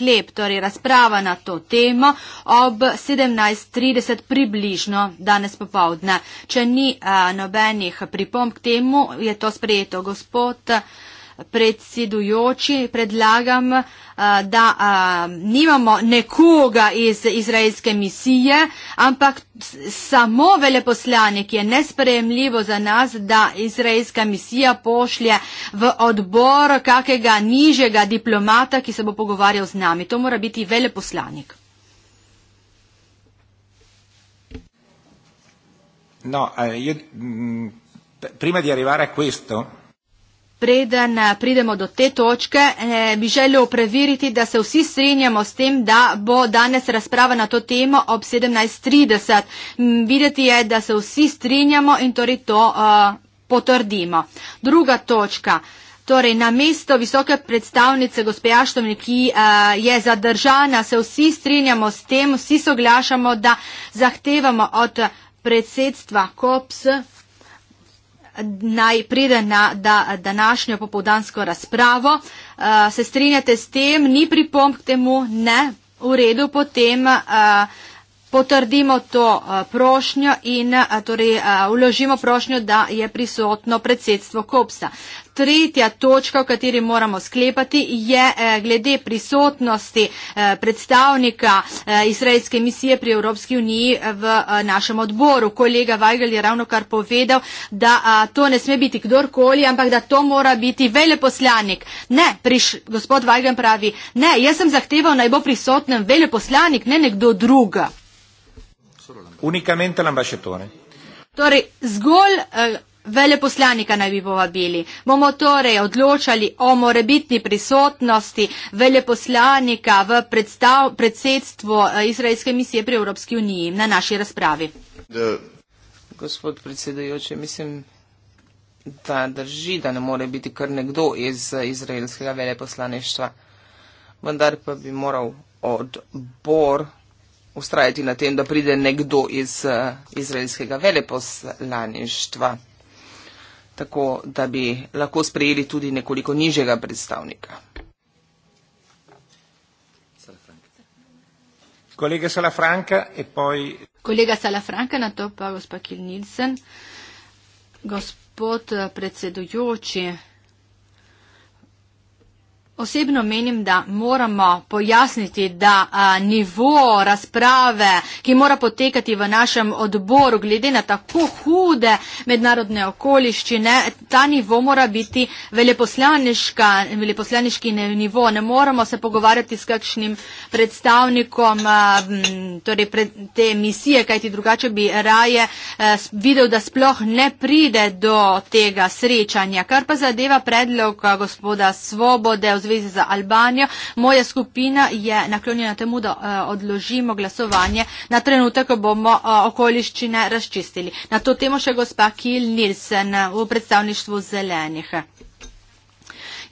sklep, torej razprava na to temo ob 17.30 približno danes popovdne. Če ni a, eh, nobenih pripomb k temu, je to sprejeto gospod. A, predsedujoči, predlagam, eh, da eh, nimamo nekoga iz izraelske misije, ampak samo veleposlanik je nespremljivo za nas, da izraelska misija pošlje v odbor kakega nižjega diplomata, ki se bo pogovarjal z nami. To mora biti veleposlanik. No, eh, io, mm, prima di arrivare a questo, Preden eh, pridemo do te točke, eh, bi želel preveriti, da se vsi strinjamo s tem, da bo danes razprava na to temo ob 17.30. Videti je, da se vsi strinjamo in torej to uh, potrdimo. Druga točka. Torej, na mesto visoke predstavnice gospe Aštovni, ki uh, je zadržana, se vsi strinjamo s tem, vsi soglašamo, da zahtevamo od predsedstva COPS naj pride na da, današnjo popovdansko razpravo. Uh, se strinjate s tem, ni pripomp k temu, ne, v redu potem. Uh, potrdimo to eh, prošnjo in eh, torej uložimo eh, prošnjo, da je prisotno predsedstvo Kopsa. Tretja točka, v kateri moramo sklepati, je glede prisotnosti predstavnika izraelske misije pri Evropski uniji v našem odboru. Kolega Weigel je ravno kar povedal, da to ne sme biti kdorkoli, ampak da to mora biti veleposlanik. Ne, priš, gospod Weigel pravi, ne, jaz sem zahteval, naj bo prisotnem veleposlanik, ne nekdo drug unicamente l'ambasciatore. Torej, zgolj eh, veleposlanika naj bi povabili. Bomo torej odločali o morebitni prisotnosti veleposlanika v predstav, predsedstvo eh, Izraelske misije pri Evropski uniji na naši razpravi. The... Gospod predsedajoče, mislim, da drži, da ne more biti kar nekdo iz eh, izraelskega veleposlaništva, vendar pa bi moral odbor ustrajati na tem, da pride nekdo iz uh, izraelskega veleposlaništva, tako da bi lahko sprejeli tudi nekoliko nižjega predstavnika. Kolega Salafranka in e poi. Kolega Salafranka, na to pa gospod Kilnilsen. Gospod eh, predsedujoči. Osebno menim, da moramo pojasniti, da a, nivo razprave, ki mora potekati v našem odboru glede na tako hude mednarodne okoliščine, ta nivo mora biti veleposlaniški nivo. Ne moramo se pogovarjati s kakšnim predstavnikom a, m, torej pred te misije, kajti drugače bi raje a, videl, da sploh ne pride do tega srečanja. Kar pa zadeva predlog gospoda Svobode, zvezi z Albanijo. Moja skupina je naklonjena temu, da eh, odložimo glasovanje na trenutek, ko bomo eh, okoliščine razčistili. Na to temo še gospa Kil Nilsen v predstavništvu zelenih.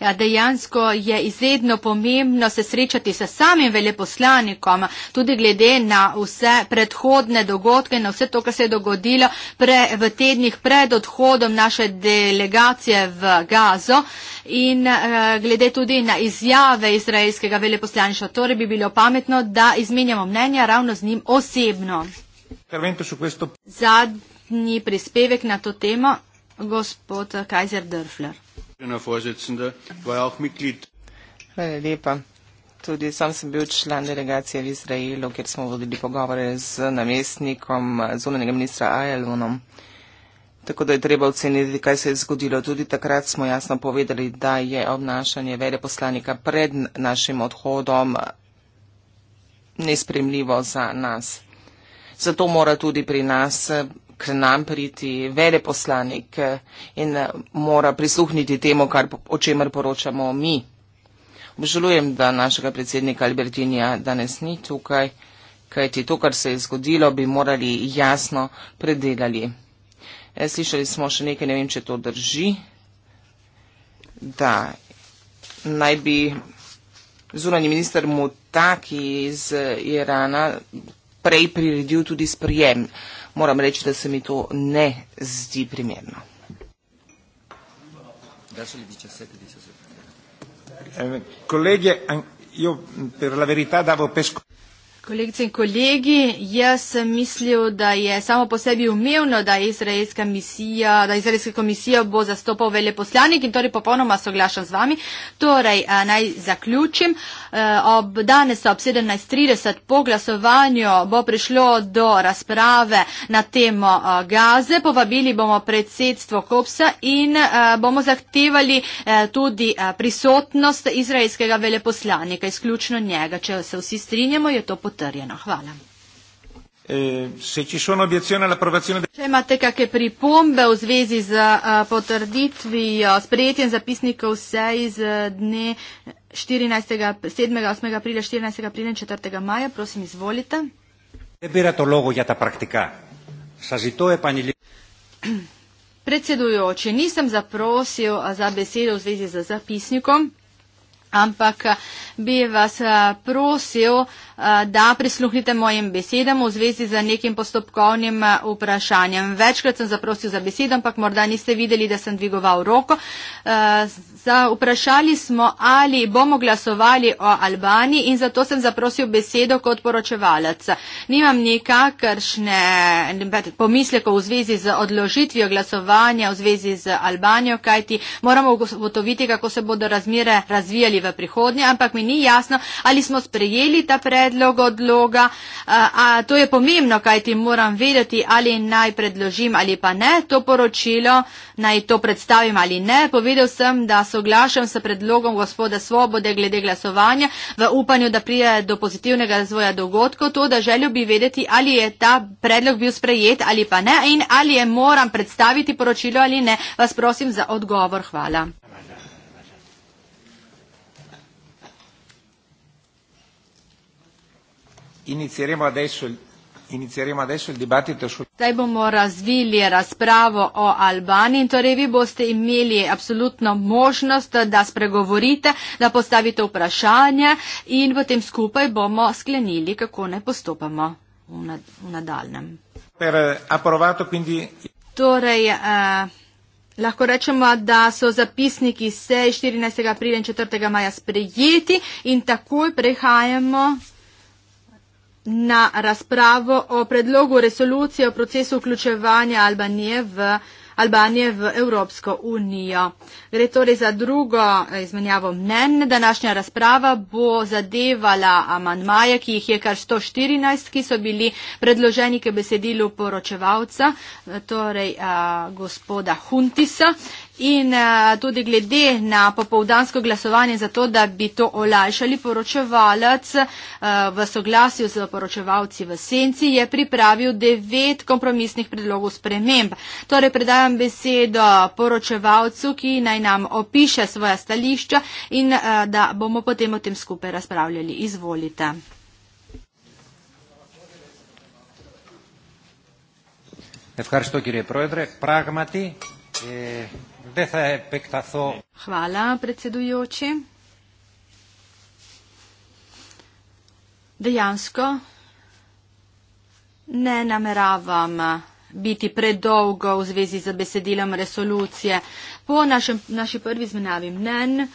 Ja, dejansko je izredno pomembno se srečati s samim veleposlanikom, tudi glede na vse predhodne dogodke, na vse to, kar se je dogodilo pre, v tednih pred odhodom naše delegacije v Gazo in eh, glede tudi na izjave izraelskega veleposlaništva. Torej bi bilo pametno, da izmenjamo mnenja ravno z njim osebno. Zadnji prispevek na to temo, gospod Kajzer Dörfler. Hvala lepa. Tudi sam sem bil član delegacije v Izraelu, kjer smo vodili pogovore z namestnikom zunanjega ministra Ajalonom. Tako da je treba oceniti, kaj se je zgodilo. Tudi takrat smo jasno povedali, da je obnašanje veleposlanika pred našim odhodom nespremljivo za nas. Zato mora tudi pri nas k nam priti veleposlanik in mora prisluhniti temu, kar, o čemer poročamo mi. Obžalujem, da našega predsednika Albertinja danes ni tukaj, kajti to, kar se je zgodilo, bi morali jasno predelali. E, slišali smo še nekaj, ne vem, če to drži, da naj bi zunani minister Mutaki iz Irana prej priredil tudi sprijem. Uh, moram reći da se mi to ne zdi primjerno. Eh, kolege, io per la verità davo per scontato. Kolegice in kolegi, jaz sem mislil, da je samo po sebi umevno, da izraelska misija, da izraelska komisija bo zastopal veleposlanik in torej popolnoma soglašam z vami. Torej, a, eh, naj zaključim. E, ob danes ob 17.30 po glasovanju bo prišlo do razprave na temo a, eh, gaze. Povabili bomo predsedstvo Kopsa in a, bomo zahtevali a, tudi a, prisotnost izraelskega veleposlanika, izključno njega. Če se vsi strinjamo, je to potrebno potrjeno. Hvala. E, Če imate kakšne pripombe v zvezi z potrditvijo, sprejetjem zapisnikov vse iz dne 14. 7. 8. aprila, 14. aprila in 4. maja, prosim, izvolite. Predsedujoči, nisem zaprosil za besedo v zvezi z zapisnikom ampak eh, bi vas eh, prosil, eh, da prisluhnite mojim besedam v zvezi z nekim postopkovnim vprašanjem. Večkrat sem zaprosil za besedo, ampak morda niste videli, da sem dvigoval roko. Mesca, vprašali smo, ali bomo glasovali o Albaniji in zato sem zaprosil besedo kot poročevalec. Nimam nikakršne pomislekov v zvezi z odložitvijo glasovanja v zvezi z Albanijo, kajti moramo ugotoviti, kako se bodo razmire razvijali v prihodnje, ampak mi ni jasno, ali smo sprejeli ta predlog odloga. A, a, to je pomembno, kajti moram vedeti, ali naj predložim ali pa ne to poročilo, naj to predstavim ali ne. Povedal sem, da so soglašam s predlogom gospoda Svobode glede glasovanja v upanju, da prije do pozitivnega razvoja dogodkov, to da želel bi vedeti, ali je ta predlog bil sprejet ali pa ne in ali je moram predstaviti poročilo ali ne. Vas prosim za odgovor. Hvala. Inizieremo adesso, inizieremo adesso il dibattito sul... Zdaj bomo razvili razpravo o Albaniji, torej vi boste imeli absolutno možnost, da spregovorite, da postavite vprašanje in potem skupaj bomo sklenili, kako ne postopamo v, nad, v nadaljem. Eh, quindi... Torej, eh, lahko rečemo, da so zapisniki se 14. aprila in 4. maja sprejeti in takoj prehajamo na razpravo o predlogu resolucije o procesu vključevanja Albanije v, Albanije v Evropsko unijo. Gre torej za drugo izmenjavo mnen. Današnja razprava bo zadevala amandmaje, ki jih je kar 114, ki so bili predloženi k besedilu poročevalca, torej a, gospoda Huntisa. In uh, tudi glede na popovdansko glasovanje za to, da bi to olajšali poročevalec uh, v soglasju z poročevalci v senci, je pripravil devet kompromisnih predlogov sprememb. Torej predajam besedo poročevalcu, ki naj nam opiše svoja stališča in uh, da bomo potem o tem skupaj razpravljali. Izvolite. Ευχαριστώ κύριε Πρόεδρε. Πράγματι, ε, Hvala, predsedujoči. Dejansko ne nameravam biti predolgo v zvezi z besedilom resolucije. Po našem, naši prvi zmenavi mnen eh,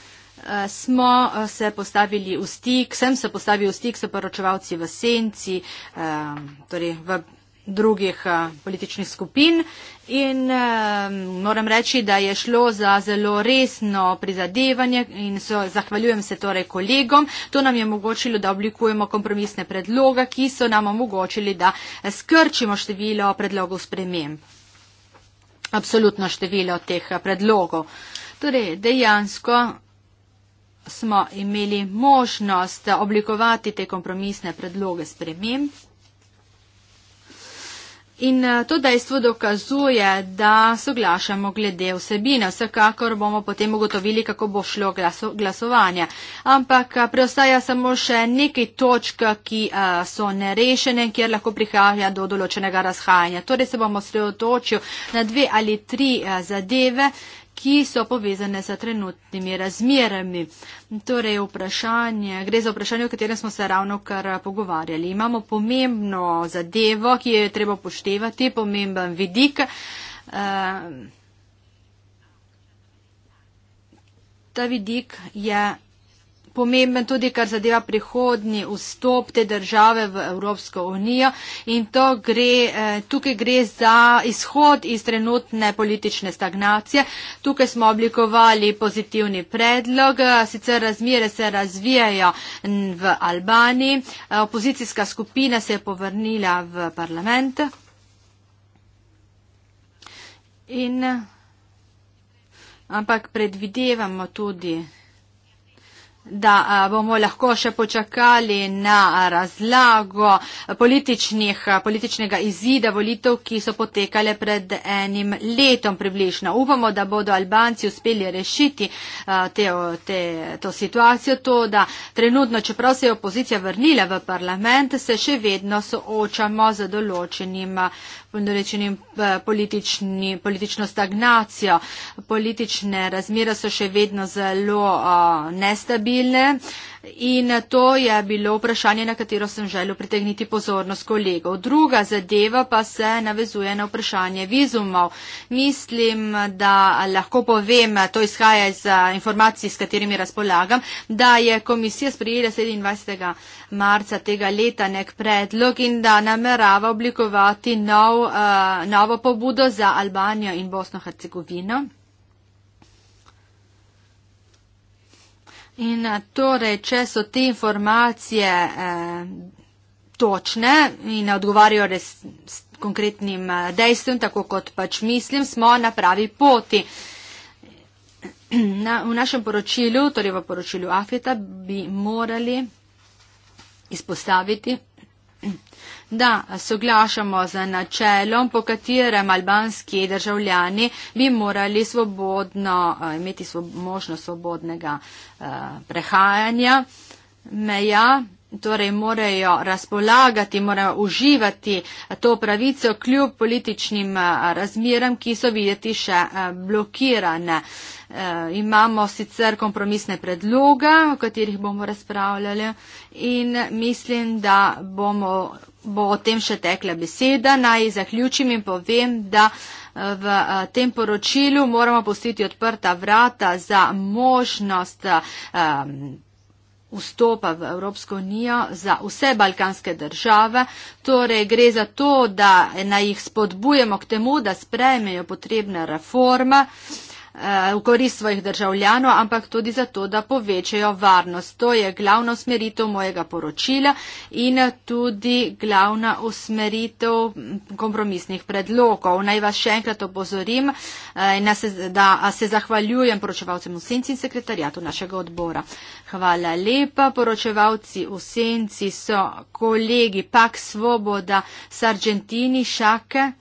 smo eh, se postavili v stik, sem se postavil v stik s poročevalci v senci, eh, torej v drugih uh, političnih skupin in uh, moram reči, da je šlo za zelo resno prizadevanje in so, zahvaljujem se torej kolegom. To nam je omogočilo, da oblikujemo kompromisne predloga, ki so nam omogočili, da skrčimo število predlogov sprememb. Absolutno število teh eh, predlogov. Torej, dejansko smo imeli možnost oblikovati te kompromisne predloge sprememb. In eh, to dejstvo dokazuje, da soglašamo glede vsebine. Vsekakor bomo potem ugotovili, kako bo šlo glaso, glasovanje. Ampak eh, preostaja samo še nekaj točk, ki a, eh, so nerešene, kjer lahko prihaja do določenega razhajanja. Torej se bomo sredotočili na dve ali tri a, zadeve, ki so povezane sa trenutnimi razmerami. Torej, vprašanje, gre za vprašanje, o katerem smo se ravno kar pogovarjali. Imamo pomembno zadevo, ki jo je treba poštevati, pomemben vidik. Uh, ta vidik je pomemben tudi, kar zadeva prihodni vstop te države v Evropsko unijo in gre, eh, tukaj gre za izhod iz trenutne politične stagnacije. Tukaj smo oblikovali pozitivni predlog, eh, sicer razmire se razvijajo v Albaniji, eh, opozicijska skupina se je povrnila v parlament. In, ampak predvidevamo tudi da bomo lahko še počakali na razlago političnega izida volitev, ki so potekale pred enim letom približno. Upamo, da bodo Albanci uspeli rešiti te, te, to situacijo, to, da trenutno, čeprav se je opozicija vrnila v parlament, se še vedno soočamo z določenim uh, določeni eh, politični, politično stagnacijo. Politične razmere so še vedno zelo a, eh, nestabilne. A, In to je bilo vprašanje, na katero sem želel pritegniti pozornost kolegov. Druga zadeva pa se navezuje na vprašanje vizumov. Mislim, da lahko povem, to izhaja iz eh, informacij, s katerimi razpolagam, da je komisija sprejela 27. marca tega leta nek predlog in da namerava oblikovati nov, uh, novo pobudo za Albanijo in Bosno-Hercegovino. In eh, torej, če so te informacije eh, točne in odgovarjajo res konkretnim eh, dejstvom, tako kot pač mislim, smo na pravi poti. Na, v našem poročilu, torej v poročilu Afeta, bi morali izpostaviti da soglašamo z načelom, po katerem albanski državljani bi morali svobodno, eh, imeti svob, možnost svobodnega eh, prehajanja meja, torej morajo razpolagati, morajo uživati to pravico kljub političnim eh, razmeram, ki so videti še blokirane. Imamo sicer kompromisne predloge, o katerih bomo razpravljali in mislim, da bomo bo o tem še tekla beseda. Naj zaključim in povem, da eh, v eh, tem poročilu moramo postiti odprta vrata za možnost um, vstopa v Evropsko unijo za vse balkanske države. Torej gre za to, da naj jih spodbujemo k temu, da sprejmejo potrebne reforme. Uh, Eh, v korist svojih državljanov, ampak tudi zato, da povečajo varnost. To je glavna usmeritev mojega poročila in tudi glavna usmeritev mm, kompromisnih predlogov. Naj vas še enkrat opozorim, eh, da se zahvaljujem poročevalcem v senci in sekretarjatu našega odbora. Hvala lepa. Poročevalci v senci so kolegi Pak Svoboda, Sargentini, Šake.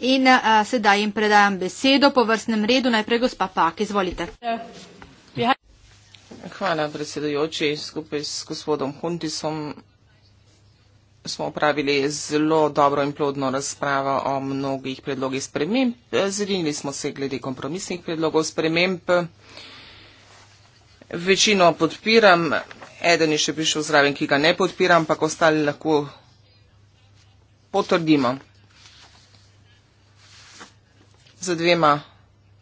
In a, eh, sedaj jim predajam besedo po vrstnem redu. Najprej gospa Pak, izvolite. Hvala, predsedujoči. Skupaj s gospodom Huntisom smo upravili zelo dobro in plodno razpravo o mnogih predlogih sprememb. Zrinili smo se glede kompromisnih predlogov sprememb. Večino podpiram, eden je še prišel zraven, ki ga ne podpiram, ampak ostali lahko potrdimo. Za dvema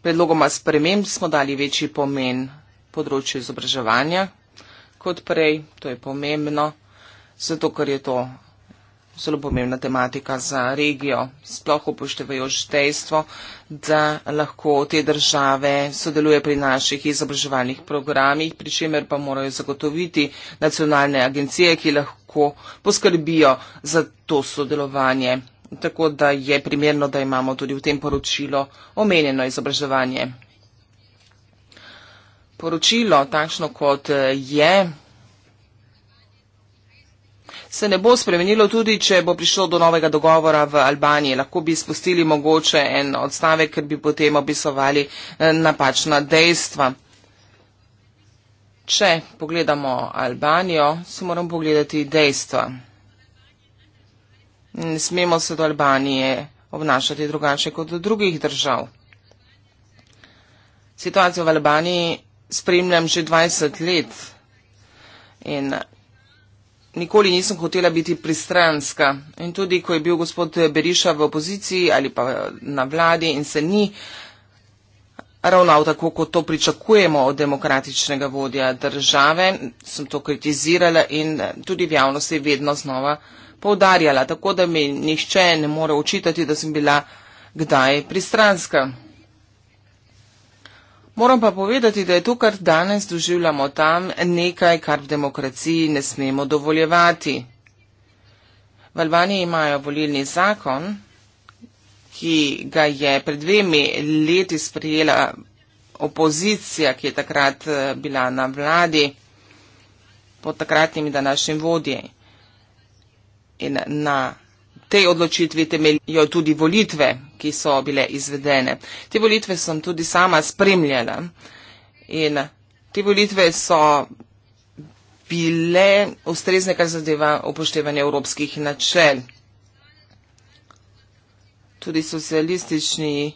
predlogoma sprememb smo dali večji pomen področju izobraževanja kot prej. To je pomembno, zato ker je to zelo pomembna tematika za regijo, sploh upoštevajoč dejstvo, da lahko te države sodeluje pri naših izobraževalnih programih, pri čemer pa morajo zagotoviti nacionalne agencije, ki lahko poskrbijo za to sodelovanje tako da je primerno, da imamo tudi v tem poročilu omenjeno izobraževanje. Poročilo, takšno kot je, se ne bo spremenilo tudi, če bo prišlo do novega dogovora v Albaniji. Lahko bi spustili mogoče en odstavek, ker bi potem opisovali eh, napačna dejstva. Če pogledamo Albanijo, si moramo pogledati dejstva ne smemo se do Albanije obnašati drugače kot do drugih držav. Situacijo v Albaniji spremljam že 20 let in nikoli nisem hotela biti pristranska. In tudi, ko je bil gospod Beriša v opoziciji ali pa na vladi in se ni ravnal tako, kot to pričakujemo od demokratičnega vodja države, sem to kritizirala in tudi v javnosti vedno znova poudarjala, tako da mi nišče ne more očitati, da sem bila kdaj pristranska. Moram pa povedati, da je to, kar danes doživljamo tam, nekaj, kar v demokraciji ne smemo dovoljevati. V Albaniji imajo volilni zakon, ki ga je pred dvemi leti sprejela opozicija, ki je takrat eh, bila na vladi pod takratnimi današnjim vodjem. In na tej odločitvi temeljijo tudi volitve, ki so bile izvedene. Te volitve sem tudi sama spremljala in te volitve so bile ustrezne, kar zadeva upoštevanje evropskih načel. Tudi socialistični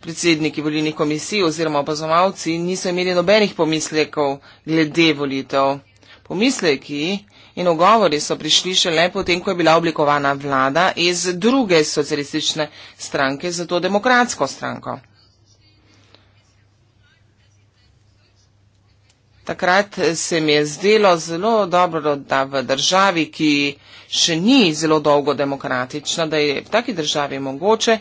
predsedniki volilnih komisij oziroma opazovalci niso imeli nobenih pomislekov glede volitev. Pomisleki in ogovori so prišli šele potem, ko je bila oblikovana vlada iz druge socialistične stranke za to demokratsko stranko. Takrat se mi je zdelo zelo dobro, da v državi, ki še ni zelo dolgo demokratična, da je v taki državi mogoče,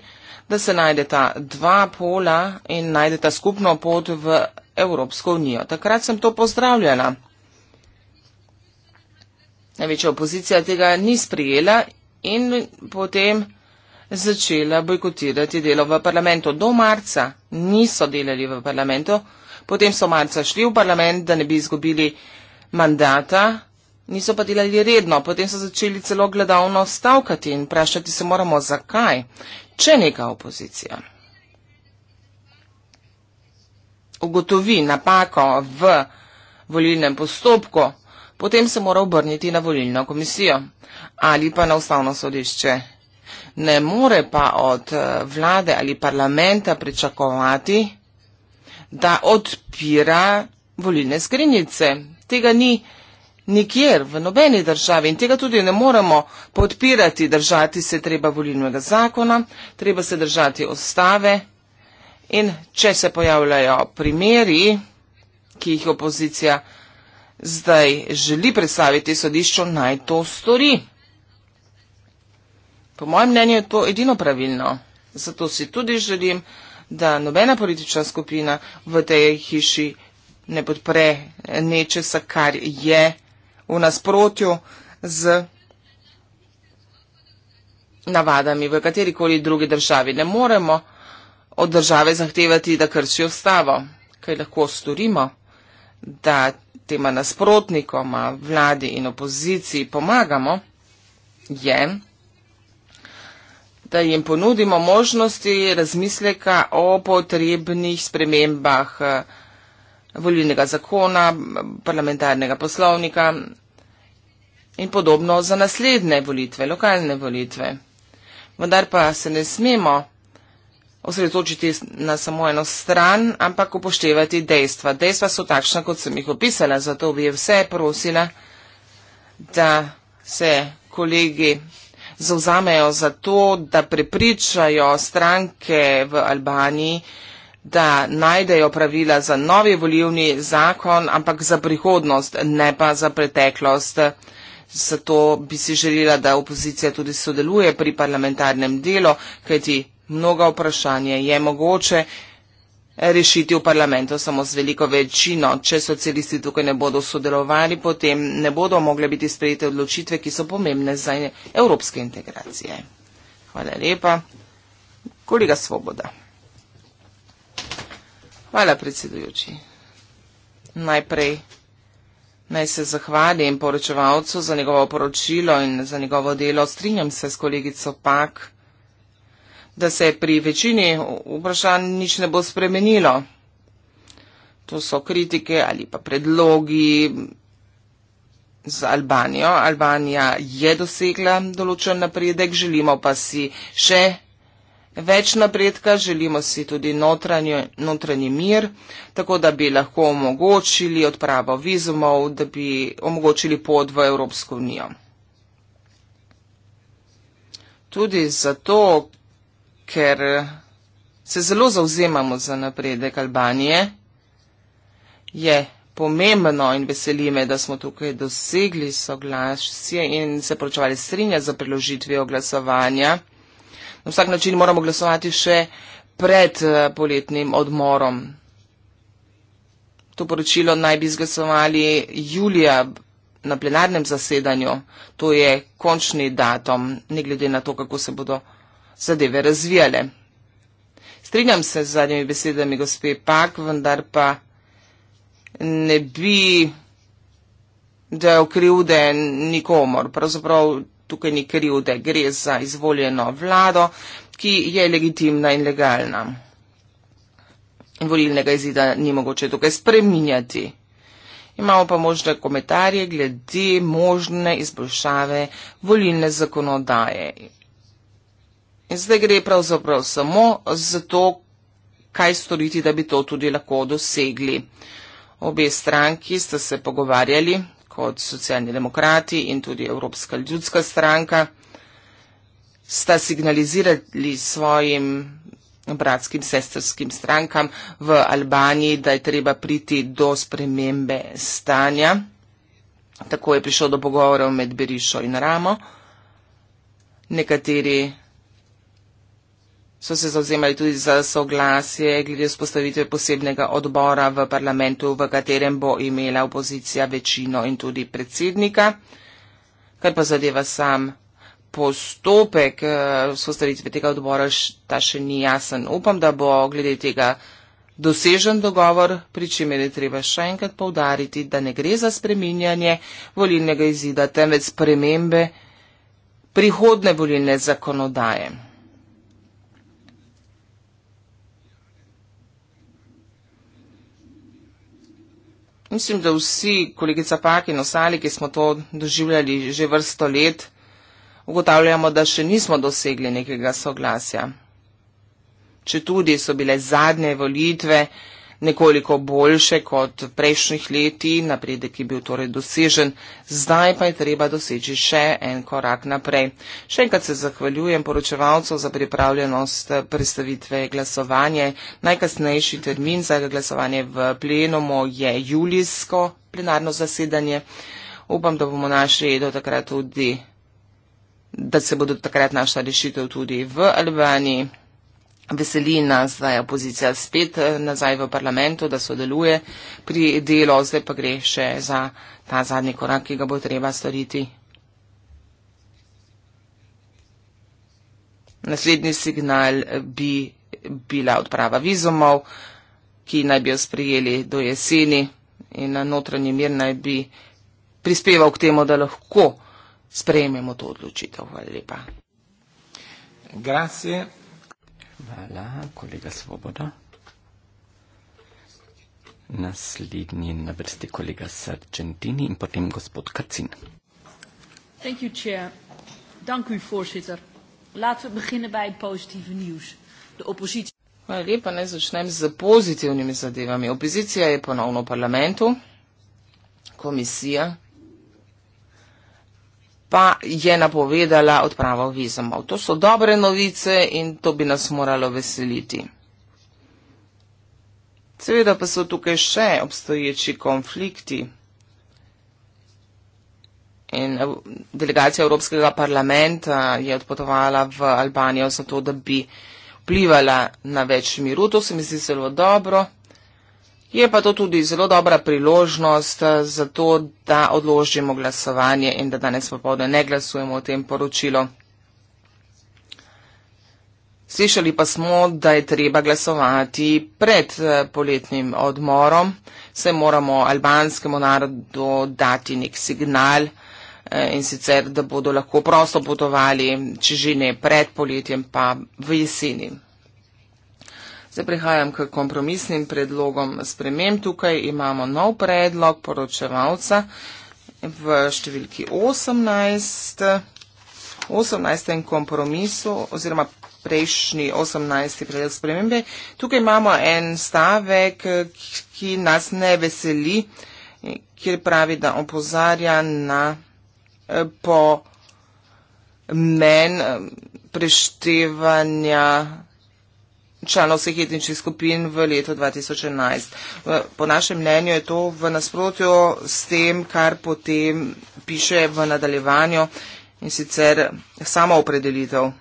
da se najde ta dva pola in najde ta skupno pot v Evropsko unijo. Takrat sem to pozdravljala. Največja opozicija tega ni sprijela in potem začela bojkotirati delo v parlamentu. Do marca niso delali v parlamentu, potem so marca šli v parlament, da ne bi izgubili mandata, niso pa delali redno. Potem so začeli celo gledavno stavkati in vprašati se moramo, zakaj, če neka opozicija ugotovi napako v volilnem postopku, potem se mora obrniti na volilno komisijo ali pa na ustavno sodišče. Ne more pa od eh, vlade ali parlamenta pričakovati, da odpira volilne skrinjice. Tega ni nikjer v nobeni državi in tega tudi ne moremo podpirati. Držati se treba volilnega zakona, treba se držati ostave in če se pojavljajo primeri, ki jih opozicija zdaj želi predstaviti sodišču, naj to stori. Po mojem mnenju je to edino pravilno. Zato si tudi želim, da nobena politična skupina v tej hiši ne podpre nečesa, kar je v nasprotju z navadami v katerikoli drugi državi. Ne moremo od države zahtevati, da krši ustavo. Kaj lahko storimo, da tema nasprotnikoma vladi in opoziciji pomagamo, je, da jim ponudimo možnosti razmisleka o potrebnih spremembah eh, volilnega zakona, parlamentarnega poslovnika in podobno za naslednje volitve, lokalne volitve. Vendar pa se ne smemo osredotočiti na samo eno stran, ampak upoštevati dejstva. Dejstva so takšna, kot sem jih opisala, zato bi vse prosila, da se kolegi zauzamejo za to, da prepričajo stranke v Albaniji, da najdejo pravila za novi volivni zakon, ampak za prihodnost, ne pa za preteklost. Zato bi si želela, da opozicija tudi sodeluje pri parlamentarnem delu, kajti mnoga vprašanja je mogoče rešiti v parlamentu samo z veliko večino. Če socialisti tukaj ne bodo sodelovali, potem ne bodo mogle biti sprejete odločitve, ki so pomembne za evropske integracije. Hvala lepa. Kolega Svoboda. Hvala, predsedujoči. Najprej naj se zahvalim poročevalcu za njegovo poročilo in za njegovo delo. Strinjam se s kolegico Pak da se pri večini vprašanj nič ne bo spremenilo. To so kritike ali pa predlogi za Albanijo. Albanija je dosegla določen napredek, želimo pa si še več napredka, želimo si tudi notranje, notranji mir, tako da bi lahko omogočili odpravo vizumov, da bi omogočili pot v Evropsko unijo. Tudi zato, ker eh, se zelo zauzemamo za napredek Albanije, je pomembno in veseli me, da smo tukaj dosegli soglasje in se pročevali strinja za preložitvijo glasovanja. Na vsak način moramo glasovati še pred eh, poletnim odmorom. To poročilo naj bi izglasovali julija na plenarnem zasedanju. To je končni datum, ne glede na to, kako se bodo zadeve razvijale. Strinjam se z zadnjimi besedami gospe Pak, vendar pa ne bi del krivde nikomor. Pravzaprav tukaj ni krivde, gre za izvoljeno vlado, ki je legitimna in legalna. Volilnega izida ni mogoče tukaj spreminjati. Imamo pa možne komentarje glede možne izboljšave volilne zakonodaje. In zdaj gre pravzaprav samo za to, kaj storiti, da bi to tudi lahko dosegli. Obe stranki sta se pogovarjali, kot socialni demokrati in tudi Evropska ljudska stranka, sta signalizirali svojim bratskim, sestrskim strankam v Albaniji, da je treba priti do spremembe stanja. Tako je prišlo do pogovorov med Berišo in Ramo. Nekateri so se zauzemali tudi za soglasje glede spostavitve posebnega odbora v parlamentu, v katerem bo imela opozicija večino in tudi predsednika. Kar pa zadeva sam postopek spostavitve eh, tega odbora, ta še ni jasen. Upam, da bo glede tega dosežen dogovor, pri čemer je treba še enkrat povdariti, da ne gre za spreminjanje volilnega izida, temveč spremembe prihodne volilne zakonodaje. Mislim, da vsi, kolegica Pak in ostali, ki smo to doživljali že vrsto let, ugotavljamo, da še nismo dosegli nekega soglasja. Če tudi so bile zadnje volitve, nekoliko boljše kot v prejšnjih leti, napredek je bil torej dosežen, zdaj pa je treba doseči še en korak naprej. Še enkrat se zahvaljujem poročevalcu za pripravljenost predstavitve glasovanje. Najkasnejši termin za glasovanje v plenomu je julijsko plenarno zasedanje. Upam, da bomo našli do takrat tudi, da se bodo takrat našla rešitev tudi v Albaniji. Veseli nas, da je opozicija spet eh, nazaj v parlamentu, da sodeluje pri delu, zdaj pa gre še za ta zadnji korak, ki ga bo treba storiti. Naslednji signal bi bila odprava vizumov, ki naj bi jo sprijeli do jeseni in notranji mir naj bi prispeval k temu, da lahko sprejmemo to odločitev. Hvala lepa. Grazie. Hvala, kolega Svoboda. Naslednji je na vrsti kolega Sargentini in potem gospod Kacin. Thank you, chair. Dank u, voorzitter. Laten we beginnen bij het positieve nieuws. De oppositie. Hvala lepa, naj začnem z pozitivnimi zadevami. Opozicija je ponovno v parlamentu, komisija pa je napovedala odpravo vizumov. To so dobre novice in to bi nas moralo veseliti. Seveda pa so tukaj še obstoječi konflikti. In delegacija Evropskega parlamenta je odpotovala v Albanijo zato, da bi vplivala na več miru. To se mi zdi zelo dobro. Je pa to tudi zelo dobra priložnost za to, da odložimo glasovanje in da danes popovdne ne glasujemo o tem poročilu. Slišali pa smo, da je treba glasovati pred eh, poletnim odmorom, saj moramo albanskemu narodu dati nek signal eh, in sicer, da bodo lahko prosto potovali, če že ne pred poletjem, pa v jeseni. Zdaj prihajam k kompromisnim predlogom sprememb. Tukaj imamo nov predlog poročevalca v številki 18. 18. kompromisu oziroma prejšnji 18. predlog spremembe. Tukaj imamo en stavek, ki nas ne veseli, kjer pravi, da opozarja na eh, po men eh, preštevanja članov vseh etničnih skupin v letu 2011. Po našem mnenju je to v nasprotju s tem, kar potem piše v nadaljevanju in sicer samo opredelitev.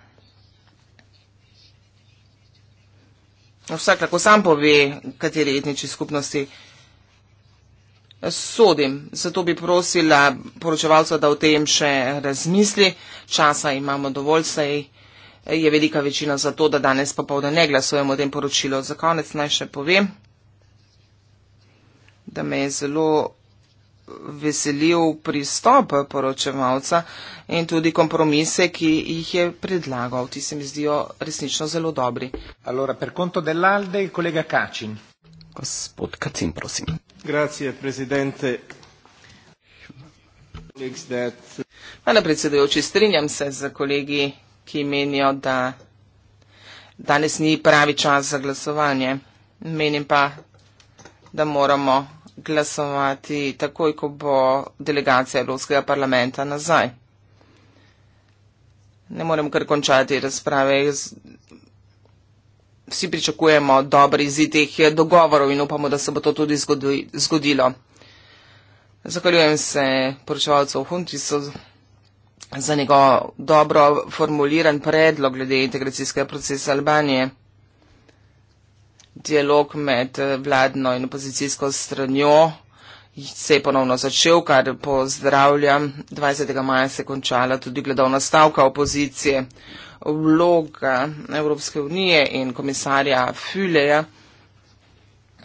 Vsak lahko sam pove, kateri etnični skupnosti sodim. Zato bi prosila poročevalca, da o tem še razmisli. Časa imamo dovolj, saj je velika večina za to, da danes popovdne ne glasujemo o tem poročilu. Za konec naj še povem, da me je zelo veselil pristop poročevalca in tudi kompromise, ki jih je predlagal. Ti se mi zdijo resnično zelo dobri. Allora, per conto dell'Alde, kolega Kacin. Gospod Kacin, prosim. Grazie, presidente. Hvala, predsedujoči. Strinjam se z kolegi ki menijo, da danes ni pravi čas za glasovanje. Menim pa, da moramo glasovati takoj, ko bo delegacija Evropskega parlamenta nazaj. Ne morem kar končati razprave. Vsi pričakujemo dobri izid teh dogovorov in upamo, da se bo to tudi zgodilo. Zahvaljujem se poročevalcev Hunti za njegovo dobro formuliran predlog glede integracijskega procesa Albanije. Dialog med eh, vladno in opozicijsko stranjo se je ponovno začel, kar pozdravljam. 20. maja se je končala tudi gledovna stavka opozicije. Vloga Evropske unije in komisarja Füleja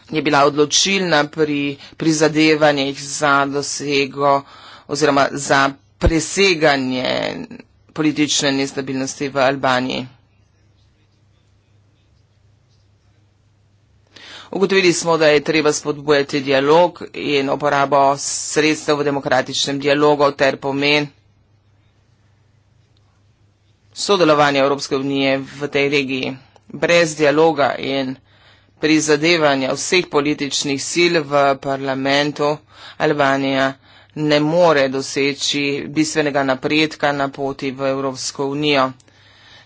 je bila odločilna pri prizadevanjih za dosego oziroma za preseganje politične nestabilnosti v Albaniji. Ugotovili smo, da je treba spodbujati dialog in uporabo sredstev v demokratičnem dialogu ter pomen sodelovanja Evropske unije v tej regiji. Brez dialoga in prizadevanja vseh političnih sil v parlamentu Albanija ne more doseči bistvenega napredka na poti v Evropsko unijo.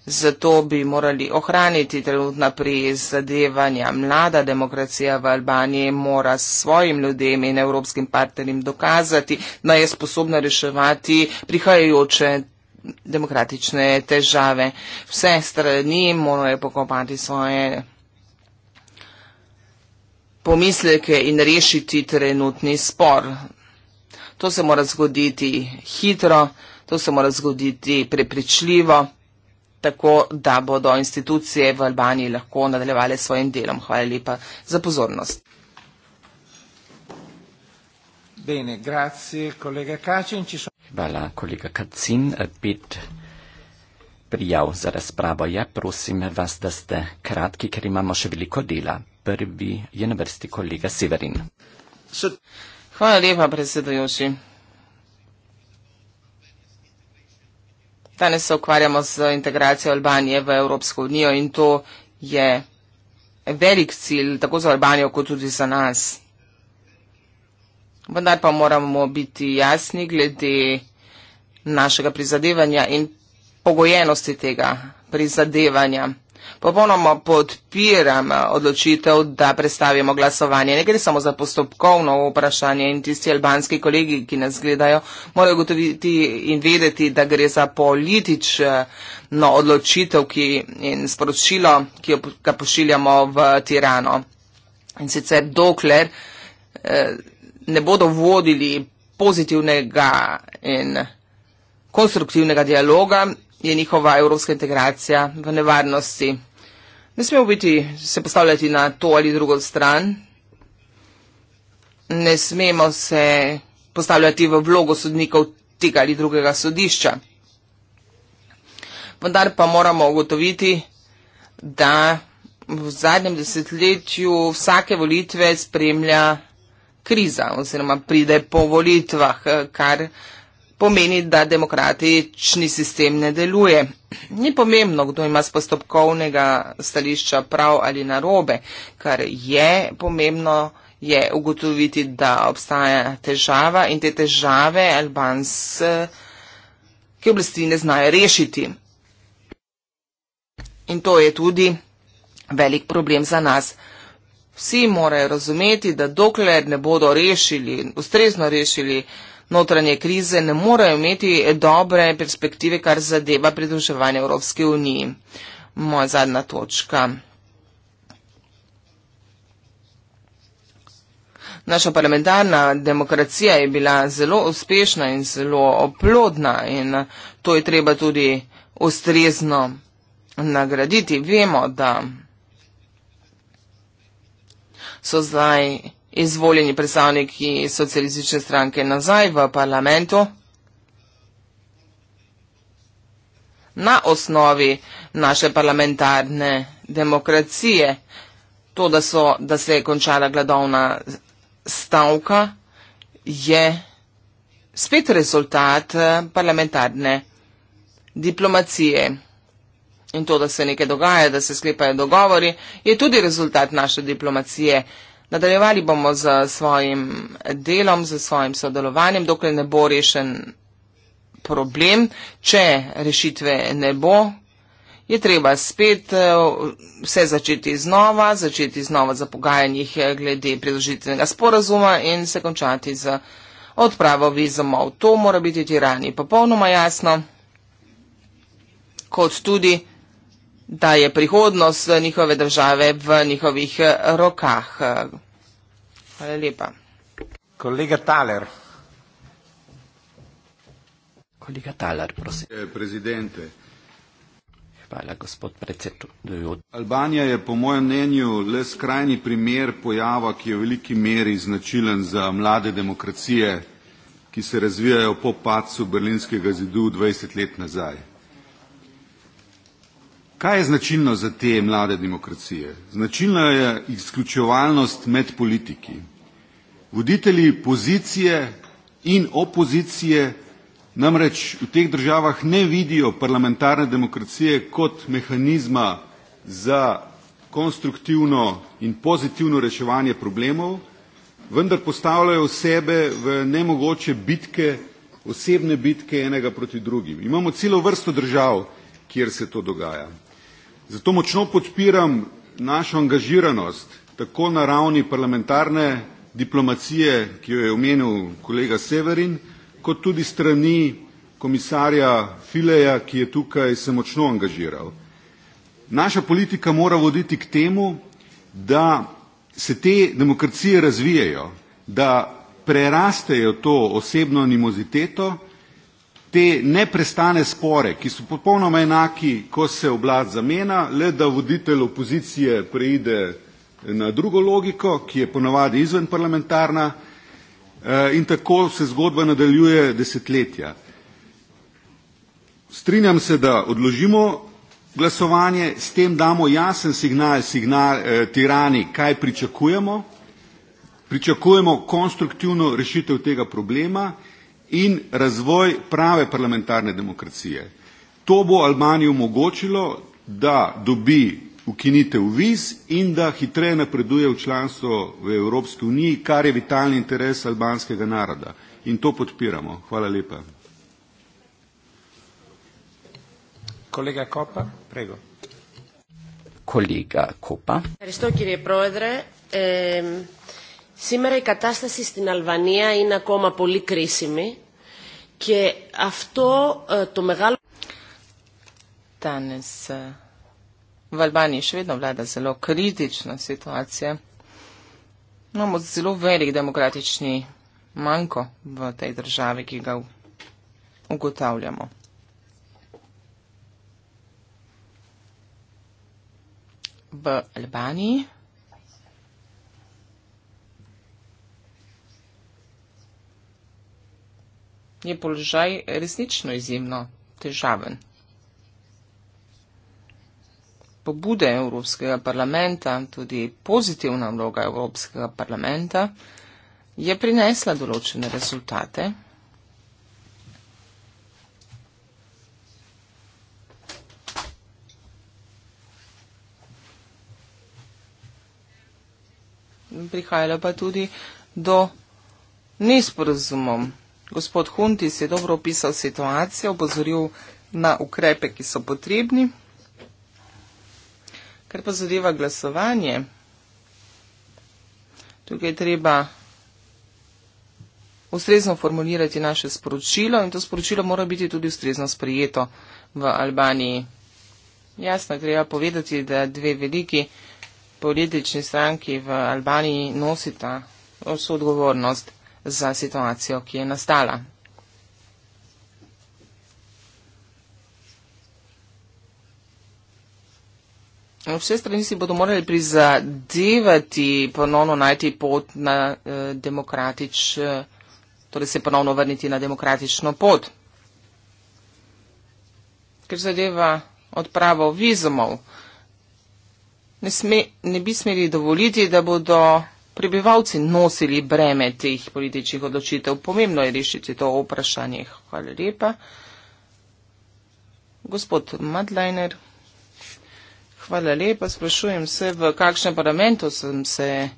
Zato bi morali ohraniti trenutna prizadevanja. Mlada demokracija v Albaniji mora svojim ljudem in evropskim partnerjem dokazati, da je sposobna reševati prihajajoče demokratične težave. Vse strani morajo pokopati svoje pomisleke in rešiti trenutni spor. To se mora zgoditi hitro, to se mora zgoditi prepričljivo, tako da bodo institucije v Albaniji lahko nadaljevale s svojim delom. Hvala lepa za pozornost. Bene, grazie, kolega Kacin. So... Hvala, kolega Kacin. Pet prijav za razpravo je. Prosim vas, da ste kratki, ker imamo še veliko dela. Prvi je na vrsti kolega Severin. So... Hvala lepa, predsedujoči. Danes se ukvarjamo z integracijo Albanije v Evropsko unijo in to je velik cilj tako za Albanijo kot tudi za nas. Vendar pa moramo biti jasni glede našega prizadevanja in pogojenosti tega prizadevanja. Popolnoma podpiram eh, odločitev, da predstavimo glasovanje. Ne gre samo za postopkovno vprašanje in tisti albanski kolegi, ki nas gledajo, morajo gotoviti in vedeti, da gre za politično odločitev ki, in sporočilo, ki jo ga pošiljamo v Tirano. In sicer dokler eh, ne bodo vodili pozitivnega in konstruktivnega dialoga, je njihova evropska integracija v nevarnosti. Ne smemo biti, se postavljati na to ali drugo stran, ne smemo se postavljati v vlogo sodnikov tega ali drugega sodišča. Vendar pa moramo ugotoviti, da v zadnjem desetletju vsake volitve spremlja kriza oziroma pride po volitvah, kar je pomeni, da demokratični sistem ne deluje. Ni pomembno, kdo ima z postopkovnega stališča prav ali narobe, kar je pomembno je ugotoviti, da obstaja težava in te težave albanske oblasti ne znajo rešiti. In to je tudi velik problem za nas. Vsi morajo razumeti, da dokler ne bodo rešili, ustrezno rešili, notranje krize ne morejo imeti dobre perspektive, kar zadeva pridruževanje Evropske unije. Moja zadnja točka. Naša parlamentarna demokracija je bila zelo uspešna in zelo oplodna in to je treba tudi ustrezno nagraditi. Vemo, da so zdaj izvoljeni predstavniki socialistične stranke nazaj v parlamentu na osnovi naše parlamentarne demokracije. To, da, so, da se je končala gladovna stavka, je spet rezultat eh, parlamentarne diplomacije. In to, da se nekaj dogaja, da se sklepajo dogovori, je tudi rezultat naše diplomacije. Nadaljevali bomo z svojim delom, z svojim sodelovanjem, dokler ne bo rešen problem. Če rešitve ne bo, je treba spet eh, vse začeti znova, začeti znova za pogajanjih eh, glede predložitvenega sporazuma in se končati z odpravo vizomov. To mora biti tirani popolnoma jasno, kot tudi da je prihodnost njihove države v njihovih eh, rokah. Hvala lepa. Kolega Taler. Kolega Taler, prosim. Eh, Prezidente. Hvala, gospod predsedujoč. Albanija je po mojem mnenju le skrajni primer pojava, ki je v veliki meri značilen za mlade demokracije, ki se razvijajo po pacu berlinskega zidu 20 let nazaj. Kaj je značilno za te mlade demokracije? Značilna je izključevalnost med politiki. Voditelji pozicije in opozicije namreč v teh državah ne vidijo parlamentarne demokracije kot mehanizma za konstruktivno in pozitivno reševanje problemov, vendar postavljajo sebe v nemogoče bitke, osebne bitke enega proti drugim. Imamo celo vrsto držav, kjer se to dogaja. Zato močno podpiram našo angažiranost tako na ravni parlamentarne diplomacije, ki jo je omenil kolega Severin, kot tudi strani komisarja Fileja, ki je tukaj se močno angažiral. Naša politika mora voditi k temu, da se te demokracije razvijajo, da prerastejo to osebno animoziteto, te neprestane spore, ki so popolnoma enaki, ko se oblast zamena, le da voditelj opozicije preide na drugo logiko, ki je ponavadi izven parlamentarna eh, in tako se zgodba nadaljuje desetletja. Strinjam se, da odložimo glasovanje, s tem damo jasen signal, signal eh, tirani, kaj pričakujemo, pričakujemo konstruktivno rešitev tega problema in razvoj prave parlamentarne demokracije. To bo Albaniji omogočilo, da dobi ukinitev viz in da hitreje napreduje v članstvo v Evropski uniji, kar je vitalni interes albanskega naroda. In to podpiramo. Hvala lepa. Kolega Kopa, prego. Kolega Kopa. Aristotel je prodre. Eh... Σήμερα η κατάσταση στην Αλβανία είναι ακόμα πολύ κρίσιμη και αυτό το μεγάλο... Danes v Albaniji še vedno vlada zelo kritična situacija. Imamo zelo velik demokratični manjko v tej državi, ki ga ugotavljamo. V Albaniji. je položaj resnično izjemno težaven. Pobude Evropskega parlamenta, tudi pozitivna vloga Evropskega parlamenta, je prinesla določene rezultate. Prihajalo pa tudi do nesporazumov. Gospod Huntis je dobro opisal situacijo, obozoril na ukrepe, ki so potrebni. Ker pa zadeva glasovanje, tukaj treba ustrezno formulirati naše sporočilo in to sporočilo mora biti tudi ustrezno sprejeto v Albaniji. Jasno, treba povedati, da dve veliki politični stranki v Albaniji nosita vso odgovornost za situacijo, ki je nastala. Vse strani si bodo morali prizadevati ponovno najti pot na eh, demokratič, eh, torej se ponovno vrniti na demokratično pot. Ker zadeva odpravo vizumov, ne, sme, ne bi smeli dovoliti, da bodo prebivalci nosili breme teh političnih odločitev. Pomembno je rešiti to vprašanje. Hvala lepa. Gospod Madlajner, hvala lepa. Sprašujem se, v kakšnem parlamentu sem se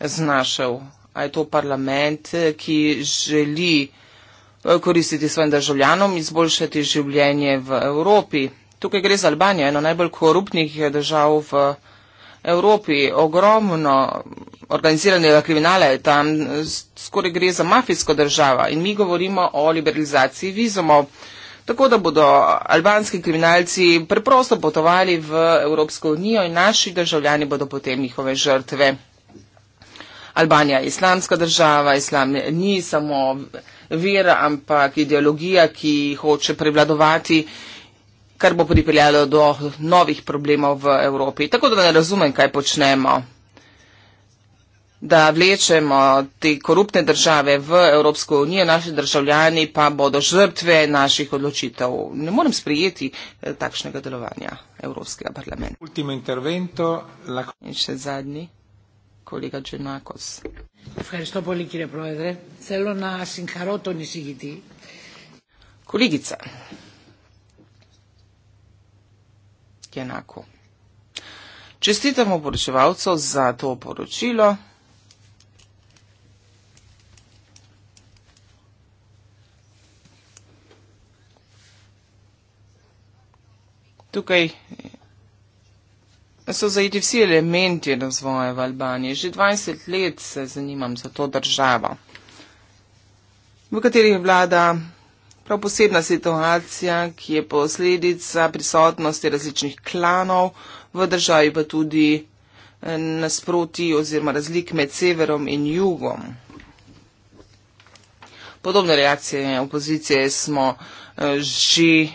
znašel. A je to parlament, ki želi eh, koristiti svojim državljanom, izboljšati življenje v Evropi. Tukaj gre za Albanijo, eno najbolj koruptnih eh, držav v Evropi. Evropi ogromno organiziranega kriminala, tam skoraj gre za mafijsko državo in mi govorimo o liberalizaciji vizumov, tako da bodo albanski kriminalci preprosto potovali v Evropsko unijo in naši državljani bodo potem njihove žrtve. Albanija je islamska država, islam ni samo vera, ampak ideologija, ki hoče prevladovati kar bo pripeljalo do novih problemov v Evropi. Tako da ne razumem, kaj počnemo. Da vlečemo te koruptne države v Evropsko unijo, naši državljani pa bodo žrtve naših odločitev. Ne morem sprijeti eh, takšnega delovanja Evropskega parlamenta. Ultimo intervento. Lahko... In še zadnji, kolega Džemakos. Kolegica. Jenaku. Čestitamo poročevalcu za to poročilo. Tukaj so zajeti vsi elementi razvoja v Albaniji. Že 20 let se zanimam za to državo, v kateri vlada prav posebna situacija, ki je posledica prisotnosti različnih klanov v državi, pa tudi eh, nasproti oziroma razlik med severom in jugom. Podobne reakcije opozicije smo eh, že